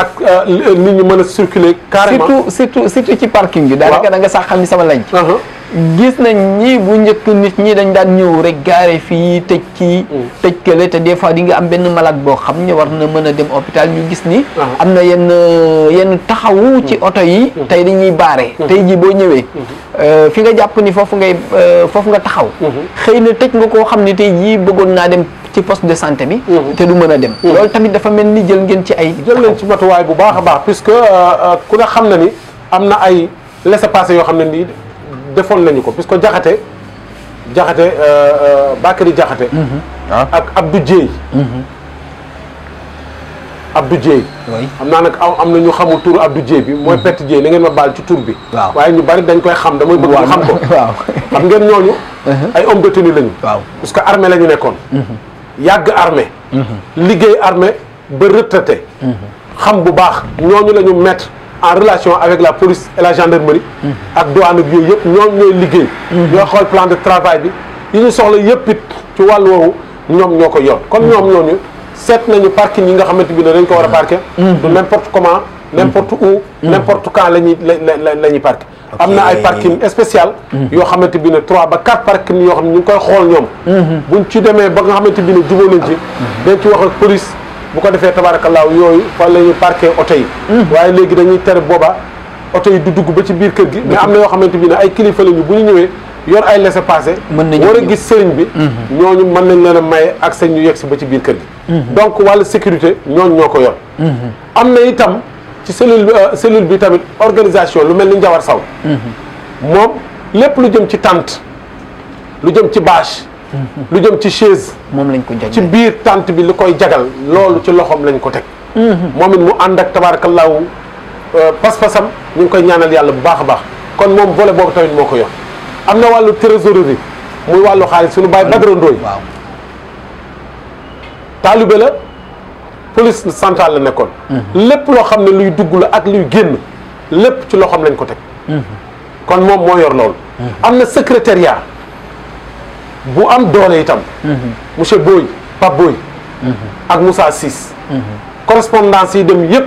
ak nit euh, ñi mën a circuler carrément surtout surtout surtout ci parking bi daanaka da sax xam ni sama lañ uh-huh. gis nañ ñi bu njëkk nit ñi dañ daan ñëw rek gaare fii tëj ci mm. tëj kële te des fois di nga am benn malade boo xam ne war na mën a dem hôpital ñu gis ni uh-huh. am na yenn euh, yenn taxawu mm. ci oto yi mm. tey dañuy baare tey ji boo ñëwee mm-hmm. euh, fi nga jàpp ni foofu ngay foofu nga taxaw mm-hmm. xëy na tëj nga koo xam ne tey jii bëggoon naa dem ci poste de santé bi mmh. te du mën a dem mmh. loolu tamit dafa mel ni jël ngeen ci ay jël nañ ci matuwaay bu baax a baax puisque euh, euh, ku ne xam na ni am na ay laissez-passer yoo xam ne nii defoon nañu ko que jaxate jaxate Bakary jaxate mmh. ah. ak Abdou Dieye Abdou Dieye xam naa nag am na ñu xamul tur Abdou Dieye bi mooy pett Dieye na ngeen ma baal ci tur bi waaye ñu bari dañ koy xam damay bëgg ñu xam ko waaw xam ngeen ñooñu ay homme de tenue lañu parce que armée la ñu nekkoon yàgg armée liguey armée ba retraité xam bu baax ñooñu lañu mettre en relation avec la police et la gendarmerie ak douane ak yooyu yëpp ñooñu ñooy liguey ñooy xol plan de travail bi yi ñu soxla yëpp it ci walu wowo ñom ñoko yott comme ñom ñooñu set nañu parking yi nga xamanteni dañ ko wara parker n'importe comment n'importe où n'importe quand la ñuy la am na ay parking spécial mhm. yoo xamante bi ne trois ba quatre parking yoo xam ne ñu ngi koy xool ñoom mhm. buñ ci demee ba nga xamante bi ne jubóo nañ ji mhm. dañ ci wax ak police bu ko defee tabaarakallaahu yooyu fa la ñuy parqué yi waaye léegi dañuy tere booba oto yi du dugg ba ci biir kër gi mais am na yoo xamante bi ne ay kilifa lañu bu ñu ñëwee yor ay laissez-passer war a gis sëriñ bi ñoo ñu mën nañ leen a maye ak seen ñu yegsi ba ci biir kër gi donc wàllu sécurité ñooñu ñoo ko yor am na itam ci cellule euh, cellule bi tamit organisation lu mel ni Njawar Saw mhm. moom lépp lu jëm ci tente lu jëm ci bâche mhm. lu jëm ci chaise moom lañ ko jagal ci biir tente bi lu koy jagal loolu ci loxoom lañ ko teg mhm. moom it mu ànd ak tabaarakallaahu euh, pas-pasam ñu ngi koy ñaanal yàlla bu baax a baax kon moom volet boobu tamit moo ko yox am na wàllu trésorerie muy wàllu xaalis suñu bàyyi Badara Ndooy taalibe la police centrale la nekkoon. lépp loo xam ne luy dugg la ak luy génn lépp ci loo xam lañ ko teg. kon moom moo yor lool am na secrétariat bu am doole itam. monsieur Boy Pape Boy. ak Moussa Ciss. correspondance yi dem yëpp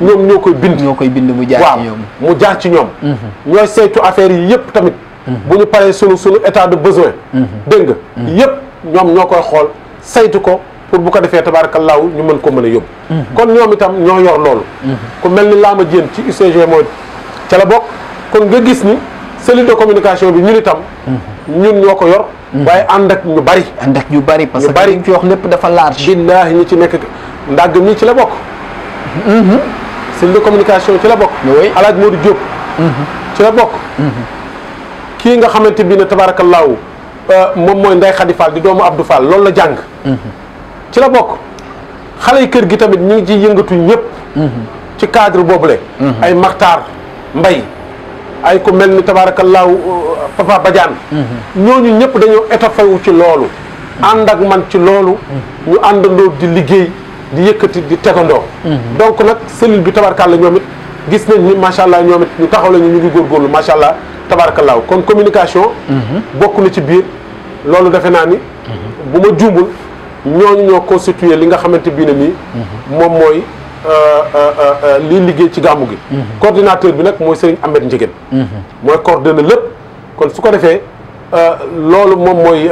ñoom ñoo koy bind. ñoo koy bind mu jaar ci ñoom mu jaar ci ñoom. ñooy saytu affaire yi yëpp tamit. bu ñu paree sunu sunu état de besoin. Mm-hmm. dégg nga mm-hmm. ñoom ñoo koy xool saytu ko. pour bu ko defee tabaarakallaahu ñu mën ko mën a yóbbu. Mm-hmm. kon ñoom itam ñoo yor loolu. Mm-hmm. ku mel ni Lama Diène ci UCG mooy ca la bokk kon nga gis ni cellule de communication bi ñun itam. Mm-hmm. ñun ñoo ko yor. waaye ànd ak ñu bari. ànd ak ñu bari parce que li ñu fi wax lépp dafa large. billaahi ñi ci nekk ndàgg mi ci la bokk. cellule de communication ci la bokk. oui El Hadj Modou Diop. ci la bokk. kii nga xamante bii ne tabaarakallaahu euh, moom mooy Ndeye Khady Fall di doomu Abdou Fall loolu la jàng. ci la bokk xale yi kër gi tamit ñu ngi ci yëngatu ñëpp. ci cadre boobule. Mhm. ay maxtaar mbay ay ku mel ni tabaarakallaahu euh, papa mhm. ñoo ñu ñëpp dañoo étoffé wu ci loolu. Mhm. ànd ak man ci loolu. ñu àndandoo di liggéey di yëkkati di tegandoo. donc nag cellule bi tabarakàlla ñoom it gis nañ ni macha allah ñoom ñu taxaw lañu ñu ngi góorgóorlu macha allah tabarakallaahu kon communication. bokk na ci biir loolu defe naa ni. bu ma juumul. ñooñu ñoo constituer li nga xamante bi ne nii. moom euh, euh, euh, euh liy liggéey ci gàmmu gi. Mhm. coordinateur bi nak moy Serigne Ahmed Ndiéguène. moy mhm. coordonné lepp kon su ko defee. loolu moom mooy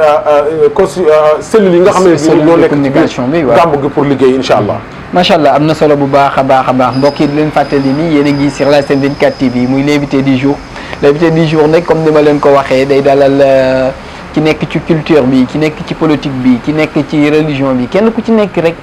cons cellules yi nga xam ne bii ñoo nekk ci bi gàmmu gi pour liggéey inshallah machallah mhm. amna solo bu baakha baakha baax mbokk yi di leen fàttali ni yéen ngi sur la chaîne 24 TV muy l'invité du jour l'invité du jour nag comme ni ma len ko waxé day dalal. euh ci nekk ci culture bi ki nekk ci politique bi ki nekk ci religion bi kenn ku ci nekk rek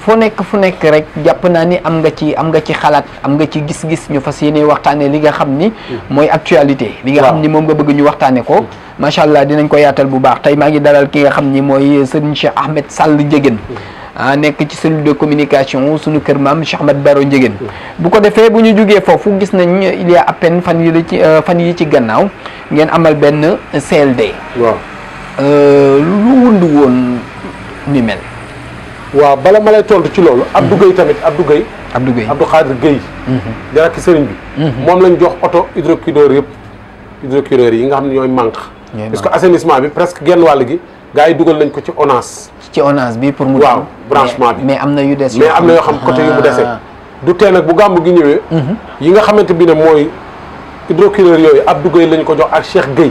foo nekk fu nekk rek jàpp naa ni am nga ci am nga ci xalaat am nga ci gis-gis ñu fas yéene waxtaanee li nga xam ni hmm. mooy actualité li nga xam ni moom nga bëgg ñu waxtaane ko hmm. macha allah dinañ ko yaatal bu baax tey maa ngi dalal ki nga xam ni mooy sëriñ Cheikh Ahmed Sall Ndiéguène hmm. ah nekk ci cellule de communication suñu kër maam Cheikh Ahmed Baro Ndiéguène bu ko defee bu ñu jógee foofu gis nañ il y fan yi la ci euh, fan yi ci gannaaw ngeen amal benn CLD Euh, lu wund woon ni mel. waaw bala ma lay tontu ci loolu. Abdou Gueye tamit Abdou Gueye. Abdou Gueye Abdou Khadir Gueye. dara mhm. ki sëriñ bi. Mhm. moom lañ jox oto hydrocureur yëpp hydrocureur yi nga xam ne ñooy manque. parce que assainissement bi presque genn wàll gi gars yi dugal nañ ko ci ONAS. ci ONAS bi pour mu. waaw branchement bi mais am na yu des. mais am na yoo xam côté yu mu ah. dese. du tee nag bu gàmb gi ñëwee. Mhm. yi nga xamante bi ne mooy hydrocureur yooyu Abdou Gueye lañ ko jox ak Cheikh Gueye.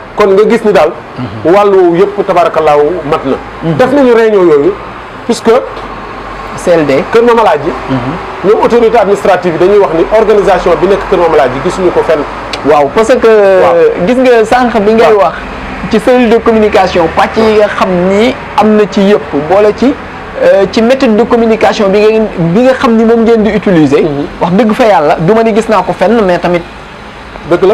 kon nga gis ni dal wàll woowu tabarakallah tabarakallaahu mat na. Mhm. def nañu réunion yoyu puisque. CLD Kër Mamalaaji. Mhm. ñoom autorité administrative dañuy wax ni organisation bi nekk Kër Mamalaaji gisunu ko fenn. waaw parce que. gis nga sank bi ngay wax. ci cellule de communication pàcc yi nga xam ni amna ci yëpp boole ci euh, ci méthode de communication bi nga bi nga xam ni moom ngeen di utiliser. Mhm. wax dëgg fa yàlla duma ni gis naa ko fenn mais tamit. dëgg la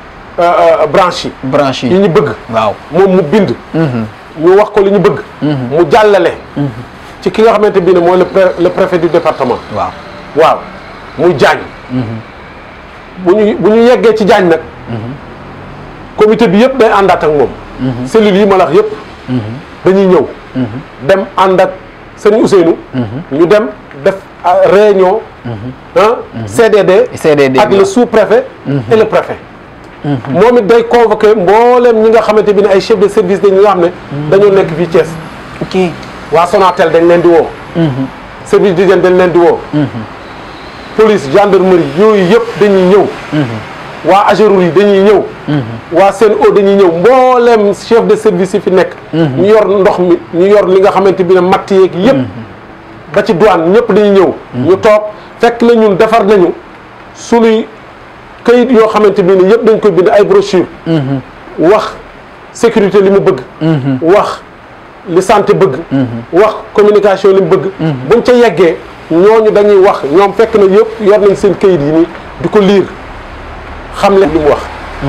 Euh, euh, branche Il yi ñu bëgg. waaw mu bind. ñu mhm. wax ko li ñu bëgg. Mhm. mu mhm. ci ki nga bi le préfet du département. waaw waaw muy jaañ. bu ñu bu ñu ci nak hmm comité bi yépp day en ak yi ma la wax dañuy ñëw. dem nous, nous ñu dem def euh, réunion. Ah. CDD. CDD le sous préfet. et le préfet. Mhm. moom it day convoqué mbooleem ñi nga xamante bi ne ay chef de service dañ nga xam ne mhm. dañoo nekk fii Thiès waa Sonatel dañ leen di woo mhm. service d'hygiène dañ leen di woo police gendarmerie yooyu yëpp dañuy ñëw waa Ageroute yi dañuy ñëw waa Sen'Eau dañuy ñëw mbooleem chef de service yi fi nekk yor ndox mi ñu yor li nga xamante bi ne matt yeeg yëpp ba ci douane ñëpp dañuy ñëw ñu toog fekk na ñun defar nañu sunuy kayit yoo xamante bi ne yëpp dañ koy bind ay brochure mhm. wax sécurité li mu bëgg mhm. wax li santé bëgg mhm. wax communication li mu bëgg buñ ca yeggee ñooñu dañuy wax ñoom fekk na yëpp yor nañ seen kayit yi nii di ko liir xam leen li mu wax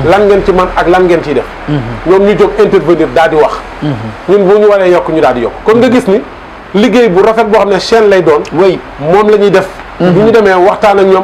lan ngeen ci man ak lan ngeen ciy def ñoom ñu jóg intervenir daal di wax ñun bu ñu waree yokk ñu daal di yokk kon nga gis ni liggéey bu rafet boo xam ne chaîne lay doon way moom la ñuy def bu ñu demee waxtaan ak ñoom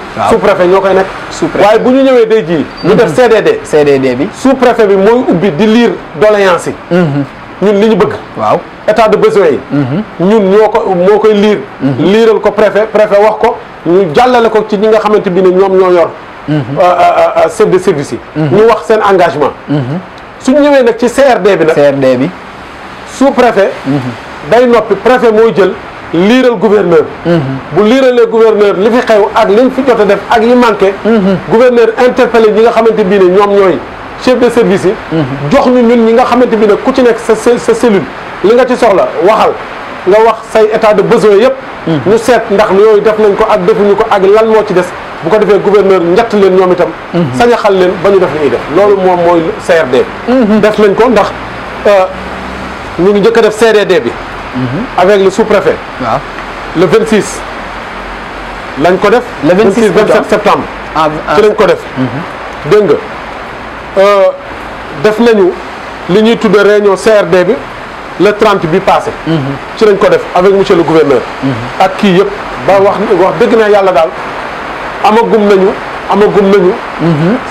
sous préfet ñoo koy nekk. sous préfet waaye bu ñu ñëwee day ji. ñu def CDD. CDD bi sous préfet bi mooy ubbi di liir doléance yi. Mhm. ñun li ñu bëgg. waaw état de besoin yi. Mhm. ñun ñoo ko moo koy liir mhm. liiral ko préfet préfet wax ko ñu jàllale ko ci ñi nga xamante bi ne ñoom ñoo yor. Euh, euh, euh, chef de service yi. ñu wax seen engagement. suñu ñëwee nag ci CRD bi nag. CRD bi sous préfet. day noppi préfet mooy jël. lire le gouverneur bu lire le gouverneur li fi xew ak li fi jotta def ak yi manke gouverneur interpellé ñi nga xamante bii ne ñoom ñooy chef de service jox ñu ñun ñi nga xamante bi ne ku ci nek sa cellule li nga ci soxla waxal nga wax say état de besoin yëpp ñu set ndax yooyu def nañ ko ak defuñu ko ak lan mo ci dess bu ko defé gouverneur ñatt leen ñom itam saña xal leen bañu def ni def lolu mom moy CRD def nañ ko ndax euh ñu ngi njëkk def CRD bi -hmm. avec le sous-préfet. Ah. le 26. lañ ko def. le 26 27 septembre. Ah, ah ci lañ ko def. Mhm. dégg nous euh, def nañu li ñuy réunion CRD bi le 30 bi passé. Mhm. ci lañ ko def avec monsieur le gouverneur. Mhm. ak ki yëpp ba wax wax deug na yalla dal amagum nañu. amagum nañu.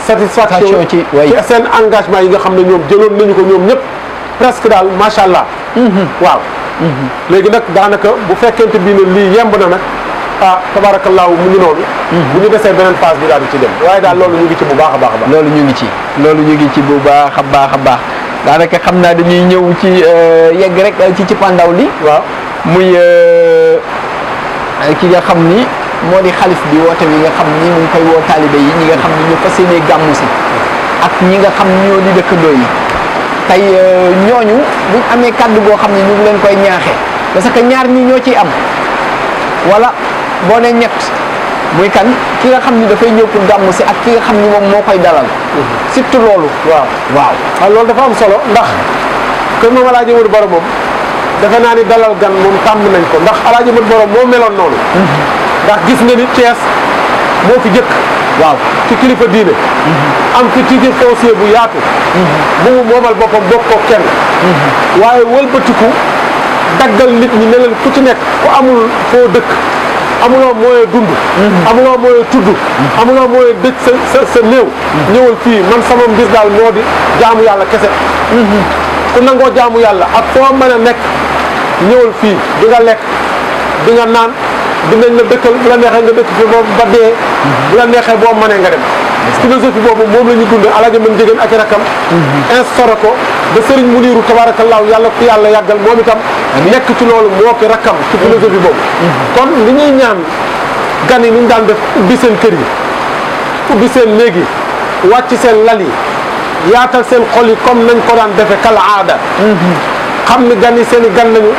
satisfaction ci sen engagement yi nga xam ñom ñoom nañu ko ñom ñep presque dal machallah waaw. léegi nag daanaka bu fekkente bii ne lii yemb na nag ah tabaarakallaahu mu ngi noonu mhm. bu ñu defee beneen phase bi daal ci dem waaye daal loolu ñu ngi ci bu baax a baax a baax loolu ñu ngi ci loolu ñu ngi ci bu baax a baax a baax daanaka xam naa dañuy ñëw ci euh, yegg rek euh, ci ci pandaw li waaw muy euh, ki nga xam ni moo di xalif bi woote wi nga xam ni mu ngi koy woo taalibe yi ñi nga xam ni ñu fas yéenee gàmmu si ak ñi nga xam ñoo di dëkkandoo yi Tay eh, ñooñu bu amé kàddu goo xamni ñu leen koy ñaaxé parce que ñaar ñi ñoo ci am wala bo né ñet muy kan ki nga xamni da fay ñew pour dam ci ak ki nga xamni mom mo koy dalal mhm. surtout lolu waaw waaw waaw ah, lolu dafa am solo ndax ke mo wala jëwul borom mom dafa naani dalal gan mom tam nañ ko ndax alaaji mut borom mo meloon noonu mhm. ndax gis nga ni ties mo fi jëk waaw ci kilifa diine am ci titre foncier bu yaatu bu mu moomal boppam bokk ko kenn waaye wëlbatiku daggal nit ñi ne leen ku ci nekk ku amul foo dëkk amuloo mooy dund amuloo mooy tudd amuloo mooy dëj sa sa ñëwal fii man sama mbir daal moo di jaamu yàlla kese ku nangoo jaamu yàlla ak foo mën nekk ñëwal fii dinga nga lekk di naan dinañ la dëkkal bu la nexe nga dëkk fi moom ba dee bu la nexe bo mané nga dem philosophie boobu moom la ñu dund alaja man jigéen ak rakam instauré ko ba sëriñ muniru tabarakallah yàlla ko yàlla yagal mom itam nekk ci loolu moo ki rakkam ci philosophie bobu kon li ñuy ñaan gani ñu daan def ubbi seen kër yi ubbi seen néeg wàcc seen lali yaatal seen xol yi comme nañ ko daan defe kal aada xam ni gan yi seen i gan lañu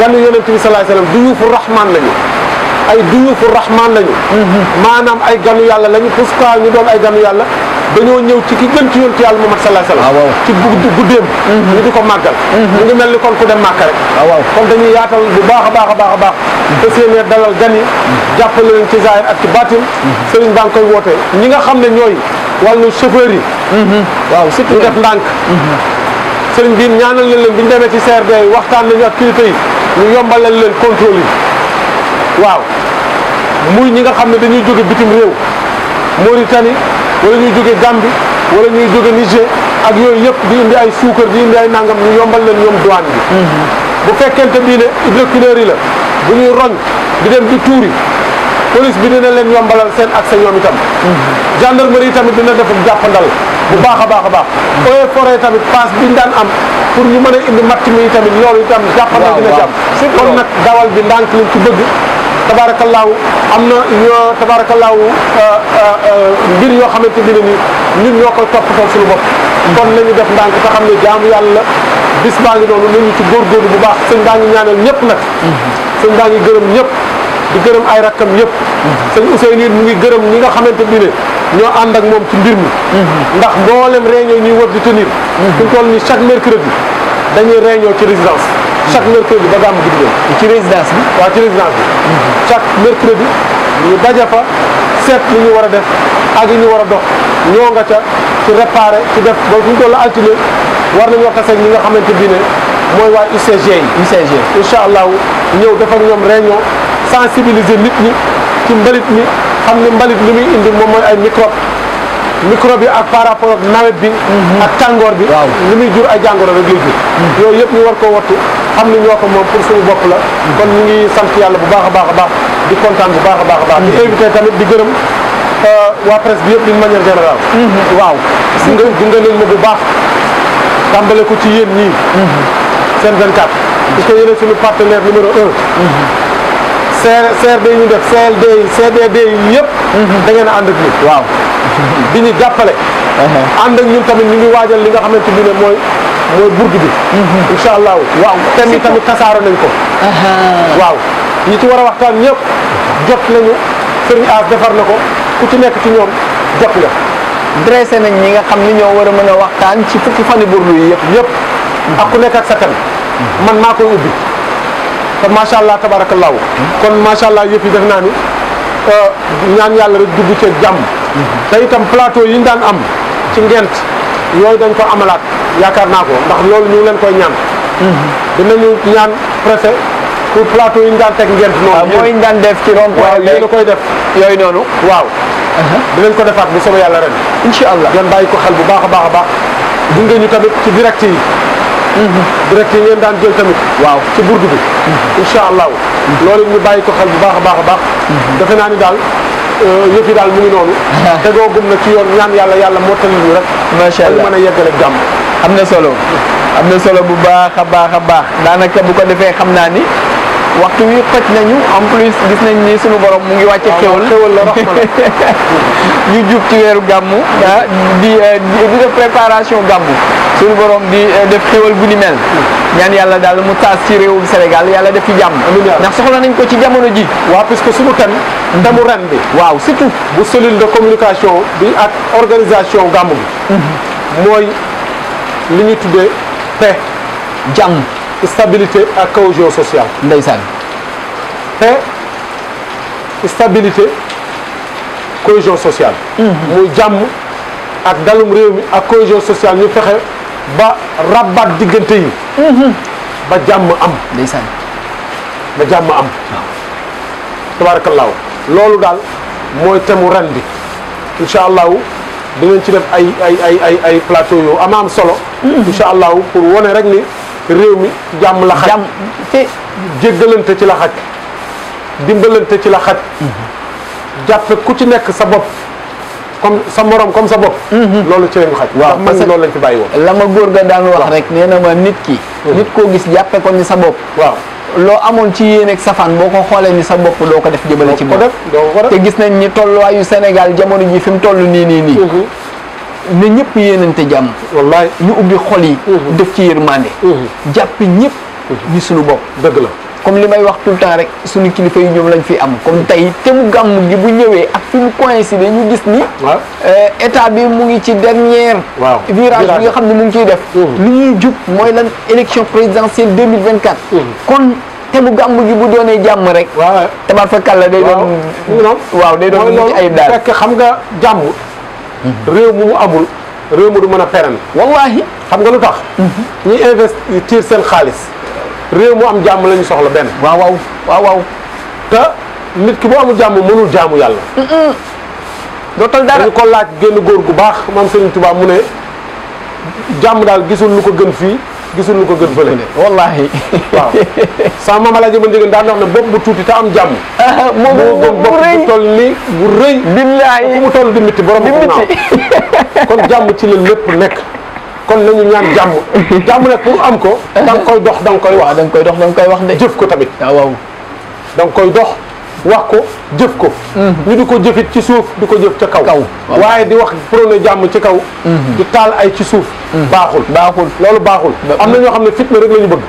ganu yonent bi salaay salaam du yufu rahman lañu ay duyuufu rahman lañu maanaam ay ganu yàlla lañu pourquoi ñu doon ay ganu yàlla dañoo ñëw ci ki gën ci yonti yàlla Muhammad sallallahu alayhi wasallam ci guddeem ñu di ko màggal mu ngi mel ni kon ku dem màkka rek waaw kon dañuy yaatal bu baax a baax a baax a baax da seenee dalal gan yi jàppale leen ci zahir ak ci batin sëriñ baa ngi koy woote ñi nga xam ne ñooy wàllu chauffeur yi waaw surtout def ndànk sëriñ bi ñaanal leen leen bi ñu demee ci CRD waxtaan nañu ak kilifa yi ñu yombalal leen contrôle yi waaw muy ñi nga xam ne dañuy jóge bitim réew Mauritanie wala ñuy jóge Gambie wala ñuy jóge Niger ak yooyu yëpp di indi ay suukar di indi ay nangam ñu yombal leen ñoom douane bi. Mhm. bu fekkente bii ne hydroculeur yi la bu ñuy roñ di dem di tuuri police bi dina leen yombalal seen accès ñoom itam. Mhm. gendarmerie tamit dina def jàppandal bu baax a baax a baax. Mhm. eaux et forêt tamit passe bi ñu daan am pour ñu mën a indi matt mi tamit loolu itam. jàppandal dina jàpp kon nag dawal bi ndànk lañ ci bëgg. تبارك الله امنا تبارك الله مبير يو خامتي ني نين ньоكو توپ فوف سونو بوب كون لا ني داف دانك تا خامني جام يالا بيس باغي نونو نين تي غور غور بو باخ سين داغي نيانال نييب نا سين داغي گيرم نييب دي گيرم اي راكام نييب سين حسين ني ميغي گيرم نيغا خامتي ني ño and ak mom ci mbir mi ndax mbolem reunion ñi wëd di tenir ku tolni chaque mercredi dañuy reunion ci résidence Chaque mercredi bagam gi di dem ci résidence bi waaw ci résidence bi chaque mercredi ñu daje fa seet li ñu war a def ak yi ñu war a dox ñoo nga ca ci def ba fu ñu toll altine war nañoo taseeg ñi nga xamante bi ne mooy waa UCG yi UCG incha allahu ñëw def ak ñoom réunion sensibiliser nit ñi ci mbalit mi xam ne mbalit li muy indi moom mooy ay microbe microbe yi ak par rapport ak nawet bi ak tàngoor bi li muy jur ay jàngoro rek lay jur yooyu yëpp war koo wattu xam ni ñoo ko moom pour suñu bopp la kon ñu ngi sant yàlla bu baax a baax a baax di kontaan bu baax a baax a baax di mm-hmm. invité tamit di gërëm euh, waa presse bi yëpp d'une manière générale mm-hmm. waaw di nga di nga leen ma bu baax tàmbale ko ci yéen ñii mm-hmm. seen 24 parce que yéen suñu partenaire numéro un CRD yi ñu def CLD yi CDD yi yëpp da ngeen ànd ak ñun waaw di ñu jàppale uh-huh. ànd ak ñun tamit ñu ngi waajal li nga xamante ni ne mooy mooy burg bi. Mhm. incha allahu waaw thème yi tamit tasaaro nañ ko. waaw yi ci war a waxtaan ñëpp jot nañu sëriñ As defar na ko ku ci nekk ci ñoom jot nga. dressé nañ ñi nga xam ni ñoo war a mën a waxtaan ci fukki fani burlu yi yëpp yëpp. ak ku nekk ak sa thème mhm. man maa koy ubbi te macha allah tabarakallahu mhm. kon macha allah yëpp yi def naa ni euh, ñaan yàlla rek dugg ci jàmm. te itam plateau yi ñu daan am ci ngent. yooyu dañ ko amalaat yaakaar naa ko ndax loolu ñu ngi leen koy ñaan dinañu ñaan préfet pour plateau yi ñu daan teg ngeen noonu ah, mooy ñu daan def ci rond-point yéen a koy def yooyu noonu waaw uh-huh. dinañ ko defaat bu soobee yàlla ren incha allah ngeen bàyyi ko xel bu baax a baax a baax gunge ñu tamit ci direct yi uh-huh. direct yi ngeen daan jël tamit waaw ci burdu bi uh-huh. incha allah loolu ñu bàyyi ko xel bu baax a baax a baax defe naa ni daal Euh, yëf yi daal mu ngi noonu. te doo gëm na ci yoon ñaan yàlla yàlla mottali ñu rek. macha allah mën a yeggale jàmm. am na solo am na solo bu baax a baax a baax daanaka bu ko defee xam naa ni. waxtu wi xëj nañu en plus gis nañ ni sunu borom mu ngi wàcce xéwal ñu jub ci weeru gàmmu ah, eh, di di def préparation gàmmu sunu borom di eh, def xéwal bu ni mel ñaan yàlla daal mu taas ci réewum Sénégal yàlla def ci jàmm ndax soxla nañ ko ci jamono ji waaw puisque sunu tem ndemu ren bi waaw surtout bu cellule de communication bi ak organisation gàmmu bi mhm. mooy li ñu tuddee paix jàmm stabilité à cohésion sociale. ndeysaan. Et stabilité cohésion sociale. Nous mhm. jàmm ak dalum réew cohésion sociale ñu ba rabat de yi. Mhm. ba am. am. dal temu bi C'est dinañ ci plateau Amam solo. Mhm. incha pour wone rek réew mi jàmm la xaj jàmm ci jéggalante ci la xaj dimbalante ci la xaj jàppe ku ci nekk sa bopp comme sa morom comme sa bopp mhm. loolu ci lañu xaj waaw man loolu lañ ci bàyyi woon la ma góor ga daan wax rek nee na ma nit ki mhm. nit koo gis jàppe ko ni sa bopp waaw loo amoon ci yéen ak safaan boo ko xoolee ni sa bopp doo ko def jëmale ci moom te gis nañ ni tolluwaayu Sénégal jamono ji fi mu toll nii nii nii mhm. ne ñepp yeenante jam wallahi ñu ubbi xol yi mm-hmm. def ci yermane mm-hmm. japp ñepp ni mm-hmm. suñu bok deug la comme limay wax tout temps rek suñu kilifa yi ñom lañ fi am comme tay te mu gàmm gi bu ñëwee ak fi mu coïncider ñu gis ni euh, état bi mu ngi ci dernière virage bi nga xamni mu ngi ciy def li ñuy juk moy lan élection présidentielle 2024 kon temu mu gàmm gi bu doone jam rek tabar fa day doon waaw day doon ci ayib fekk xam nga jam Mm-hmm. réew mu amul réew mu du mën a pérenne wallaahi xam nga lu tax mm-hmm. ñu investir seen xaalis réew mu am jàmm la soxla benn waaw waaw waaw te nit ki bu amul jàmm mënul jaamu yàlla dootal dara dañu ko laaj génn góor gu baax maam Serigne Touba mu ne jàmm daal gisul lu ko gën fii gisul lu ko gën fële wallaahi waaw sa maam Alaaji ma Ndiéguène daan wax ne bopp bu tuuti te am jàmm ah, ah, moom bu rëy bu toll ni bu rëy mu toll di mitti borom di mitti kon jàmm ci la lépp nekk kon nañu ñaan jàmm jàmm nag pour am ko da nga koy dox da koy wax da koy wax de jëf ko tamit ah, waaw da koy dox wax ko jëf ko mhm. ñu di ko jëfit ci suuf di ko jëf ca kaw waaye di wax prôné jàmm ci kaw mhm. di taal ay ci suuf mhm. baaxul baaxul loolu baaxul am na ñoo xam ne fitna rek la ñu bëgg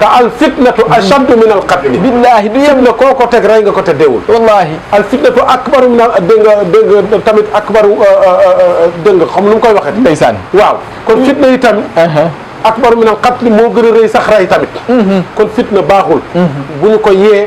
te al fitnatu ashaddu min al qatli billaahi du yem na koo ko teg rey nga ko te deewul wallaahi al fitnatu akbaru min al dégg nga dégg nga tamit akbaru euh, euh, euh, dégg nga xam nu mu koy waxee ndeysaan waaw kon mm. fitna yi tamit uh-huh. akbaru min al qatli moo gën a rëy sax rey tamit mm-hmm. kon fitna baaxul mm-hmm. bu ñu ko yee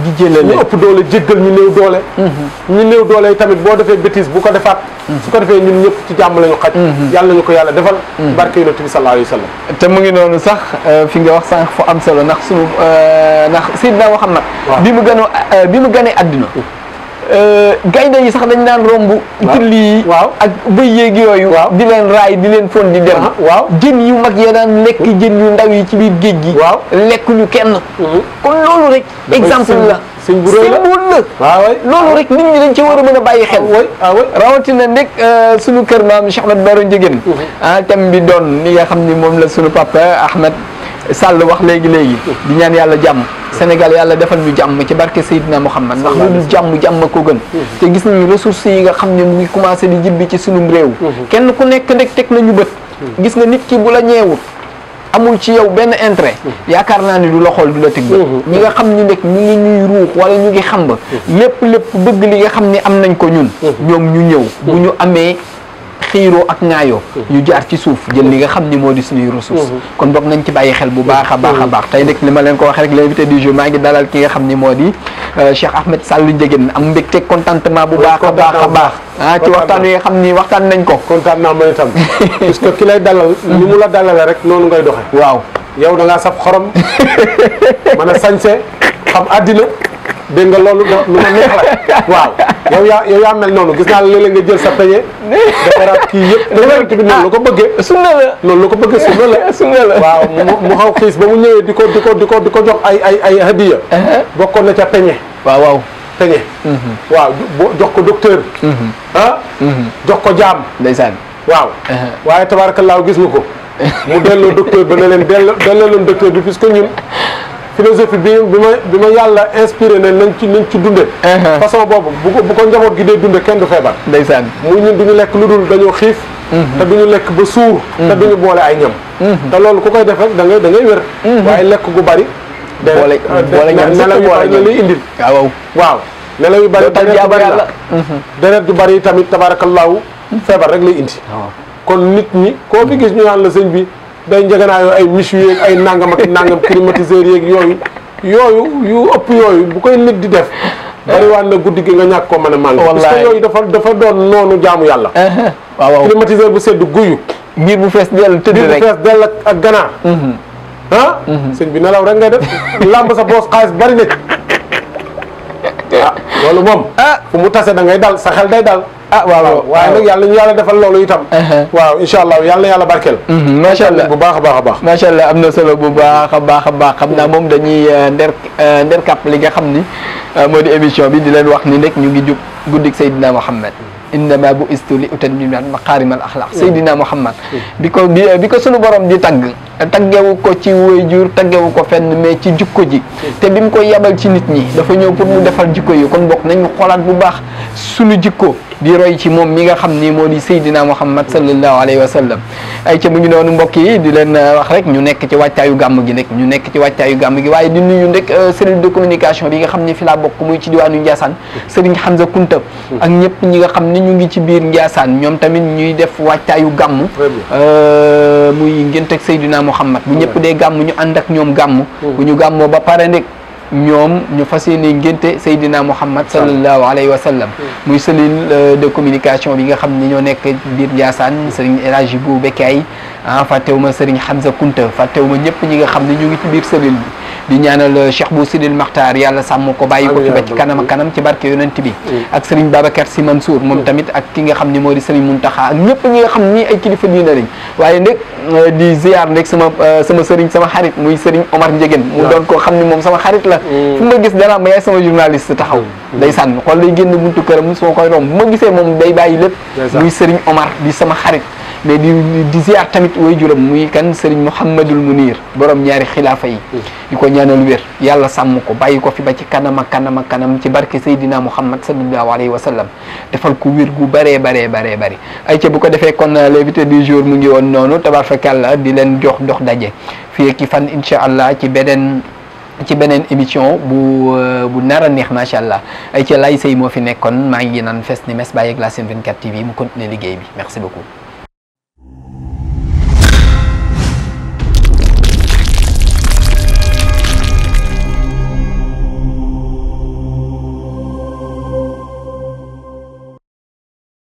di jëlee ñu ëpp doole jéggal ñu néew doole. Mhm. ñu néew doole yi tamit boo defee bêtise bu ko defaat. Mhm. su ko defee ñun ñëpp ci jàmm la ñu xaj. Mhm. yàlla ñu ko yàlla defal. barke yonent bi sallallahu alayhi wa te mu ngi noonu sax euh, fi nga wax sànq fu am solo ndax sunu euh, ndax Seydina Muhammad. bi mu gënoo euh, bi mu gënee adduna. Euh, gaynde yi sax dañ daan romb. tilli yi waaw ak bëy yéeg yooyu. di leen raay di leen fon di dem. waaw jën yu mag ya daan lekk hmm. jën yu ndaw yi ci biir géej gi. waaw lekkuñu kenn. Hmm. kon loolu rek. exemple la. sëñ bu rëy la ah loolu rek nit ñi dañ ci war a mën a bàyyi xel. Ah ah rawatina nekk euh, sunu kër maam Cheikh Ahmed Baro Ndiéguène. Hmm. ah thème bi doon li nga xam ni moom la sunu papa Ahmed. Sall wax léegi léegi di ñaan yàlla jàmm Sénégal yàlla defal ñu jàmm ci barke Seydina Muhammad ndax lu dul jàmm jàmm ko gën mhm. te gis nañu ressources yi nga xam ne mu ngi commencé di jibbi ci sunum réew mhm. kenn ku nekk rek teg nañu bët mhm. gis nga nit ki bu la ñeewut amul ci yow benn intérêt yaakaar naa ni du la xool du la tëgg ñi nga xam ni nekk ñu ngi ñuy ruux wala ñu ngi xam ba lépp lépp bëgg li nga xam ni am nañ ko ñun ñoom ñu ñëw bu ñu amee xiiroo ak ŋaayoo ñu mm-hmm. jaar ci suuf jël li nga xam ni moo di suñuy ressource mm-hmm. kon boog nañ ci bàyyi xel bu baax a baax a mm-hmm. baax tey nag li ma leen ko wax rek l'invité du jour maa ngi dalal ki nga xam ni moo di euh, Cheikh Ahmed Sall Ndiéguène am mbégte contentement bu baax a baax a baax ah ci waxtaan yi xam ni waxtaan nañ ko kontaan naa mooy itam parce que ki lay dalal ni mu la dalale rek noonu ngay doxe waaw yow da ngaa saf xorom mën a sañse xam àddina dégg nga loolu lu ma neex la waaw yow yaa yow yaa mel noonu gis naa léeg-léeg nga jël sa peñe defaraat kii yëpp dafa tamit noonu la ko bëggee ah, sunna la noonu la ko bëggee sunna la sunna la waaw mu xaw xiis ba mu ñëwee di ko di ko di ko di ko jox ay ay ay uh-huh. bokkoon na ca peñe waaw waaw peñe mm-hmm. waaw jox ko docteur mm-hmm. ah mm-hmm. jox ko jaam ndeysaan waaw uh-huh. waaye tabaarkallaa gis nga ko mu delloo docteur ba ne leen delloo leen docteur bi puisque ñun philosophie bi bi ma bi ma yàlla inspiré ne nañ ci nañ ci dunde uh-huh. façon boobu bu ko bu ko njaboot gi dee dunde kenn du feebar ndeysaan mu ñun du ñu lekk lu dul dañoo xiif uh-huh. te duñu lekk ba suur uh-huh. te duñu boole ay ñam te loolu ku koy def rek da ngay da ngay wér waaye lekk gu bari boole boole ñam nelaw yu bari na lay indil ah, waaw waaw nelaw yu bari deret yu bari la yu bari tamit tabaarakallaahu feebar rek lay indi ah, kon nit ñi koo fi gis ñu naan la sëñ bi day njëganaayoo ay michu yeeg ay nangam ak nangam climatiseur yeeg yooyu yooyu yu ëpp yooyu bu koy nit di def bariwaan na guddi gi nga ñàkk koo mën a màng parce que yooyu dafa dafa doon noonu jaamu yàlla waaw climatiseur bu sedd guyu biir bu fees dell tëdd rek biir ak ganaar mhm. ah mhm. bi nelaw rek ngay def làmb sa boos xaalis bari na ah, loolu moom ah. fu mu tase da ngay dal sa xel day dal ah waaw waaw waaye nag yàlla ñu yàlla defal loolu itam uh-huh. waaw incha allah yàlla yàlla barkeel mm-hmm, macha allah bu baax a baax a baax macha allah am na solo bu baax a baax a baax xam naa moom dañuy uh, nder uh, nder kàpp li nga xam ni uh, moo di émission bi di leen wax ni rek ñu ngi jub guddik Seydina Mouhamed mm-hmm. innama bu istu li utan bi maqaarimal axlaq mm-hmm. Seydina Mouhamed bi ko bi ko sunu borom di tagg taggewu ko ci waajur taggewu ko fenn mais ci jikko ji te bi mu koy yabal ci nit ñi dafa ñëw pour mu defar jikko yi kon bokk nañu xoolaat bu baax sunu jikko di roy ci moom mi nga xam ni moo di Seydina Muhammad sallallahu alayhi wa sallam ay ca mu ngi noonu mbokk yi di leen euh, wax rek ñu nekk ci wàccaayu gàmm gi nag ñu nekk ci wàccaayu gàmm gi waaye di nuyu ndek euh, cellule de communication bi nga xam ne fi laa bokk muy ci diwaanu Ndiassane xam Hamza Kunta ak ñëpp ñi nga xam ne ñu ngi ci biir Ndiassane ñoom tamit ñuy def wàccaayu gàmm euh, muy ngént ak Seydina Muhammad bu ñëpp dee gàmm ñu ànd ak ñoom gàmm mm. bu ñu gàmmoo ba pare nag ñoom ñu fas yéene ngénte Seydina Mouhammad sallallahu alayhi wa sallam muy cellule euh, de communication bi nga xam ni ñoo nekk biir Ndiassane Serigne El Hadji bu Bekkaay ah fàttewuma Serigne Hamza Kunta fàttewuma ñëpp ñi nga xam ne ñu ngi ci biir cellule bi di ñaanal euh, Cheikh bu Sidil Maxtaar yàlla sàmm ko bàyyi ko fi ba ci kanam ak kanam ci barke yonent bi ak Serigne Babacar Sy Mansour moom tamit ak ki nga xam ni mooy di Serigne Mountakha ak ñëpp ñi nga xam ni ay kilifa diina lañ waaye ndek euh, di ziar ndek sama euh, sama Serigne sama xarit muy Serigne Omar Ndiéguène doon koo xam ni moom sama xarit la mm. fu ma gis dara ma sama journaliste taxaw mm. Mm. day sànn xool lay génn buntu këram su ma koy romb bu gisee moom day bàyyi lépp muy Serigne Omar di sama xarit mais di di tamit way juram kan Serigne Mouhamadul Munir borom ñaari khilafa yi. Hmm. di ñaanal wér yalla sam ko bayiko fi ba ci kanam ak kanam ak kanam ci barke sayidina mohammed sallallahu alayhi wa sallam defal ko wér gu bare bare bare bare ay ci bu ko defé kon euh, l'invité du jour mu ngi woon noonu tabaar di len jox dox dajé fi ki fan inshallah ci benen ci benen émission bu euh, bu nara a neex macha allah ay ci lay sëy moo fi nekkon ma ngi nan fess ni mes baye glace 24 TV mu continuer liguey bi merci beaucoup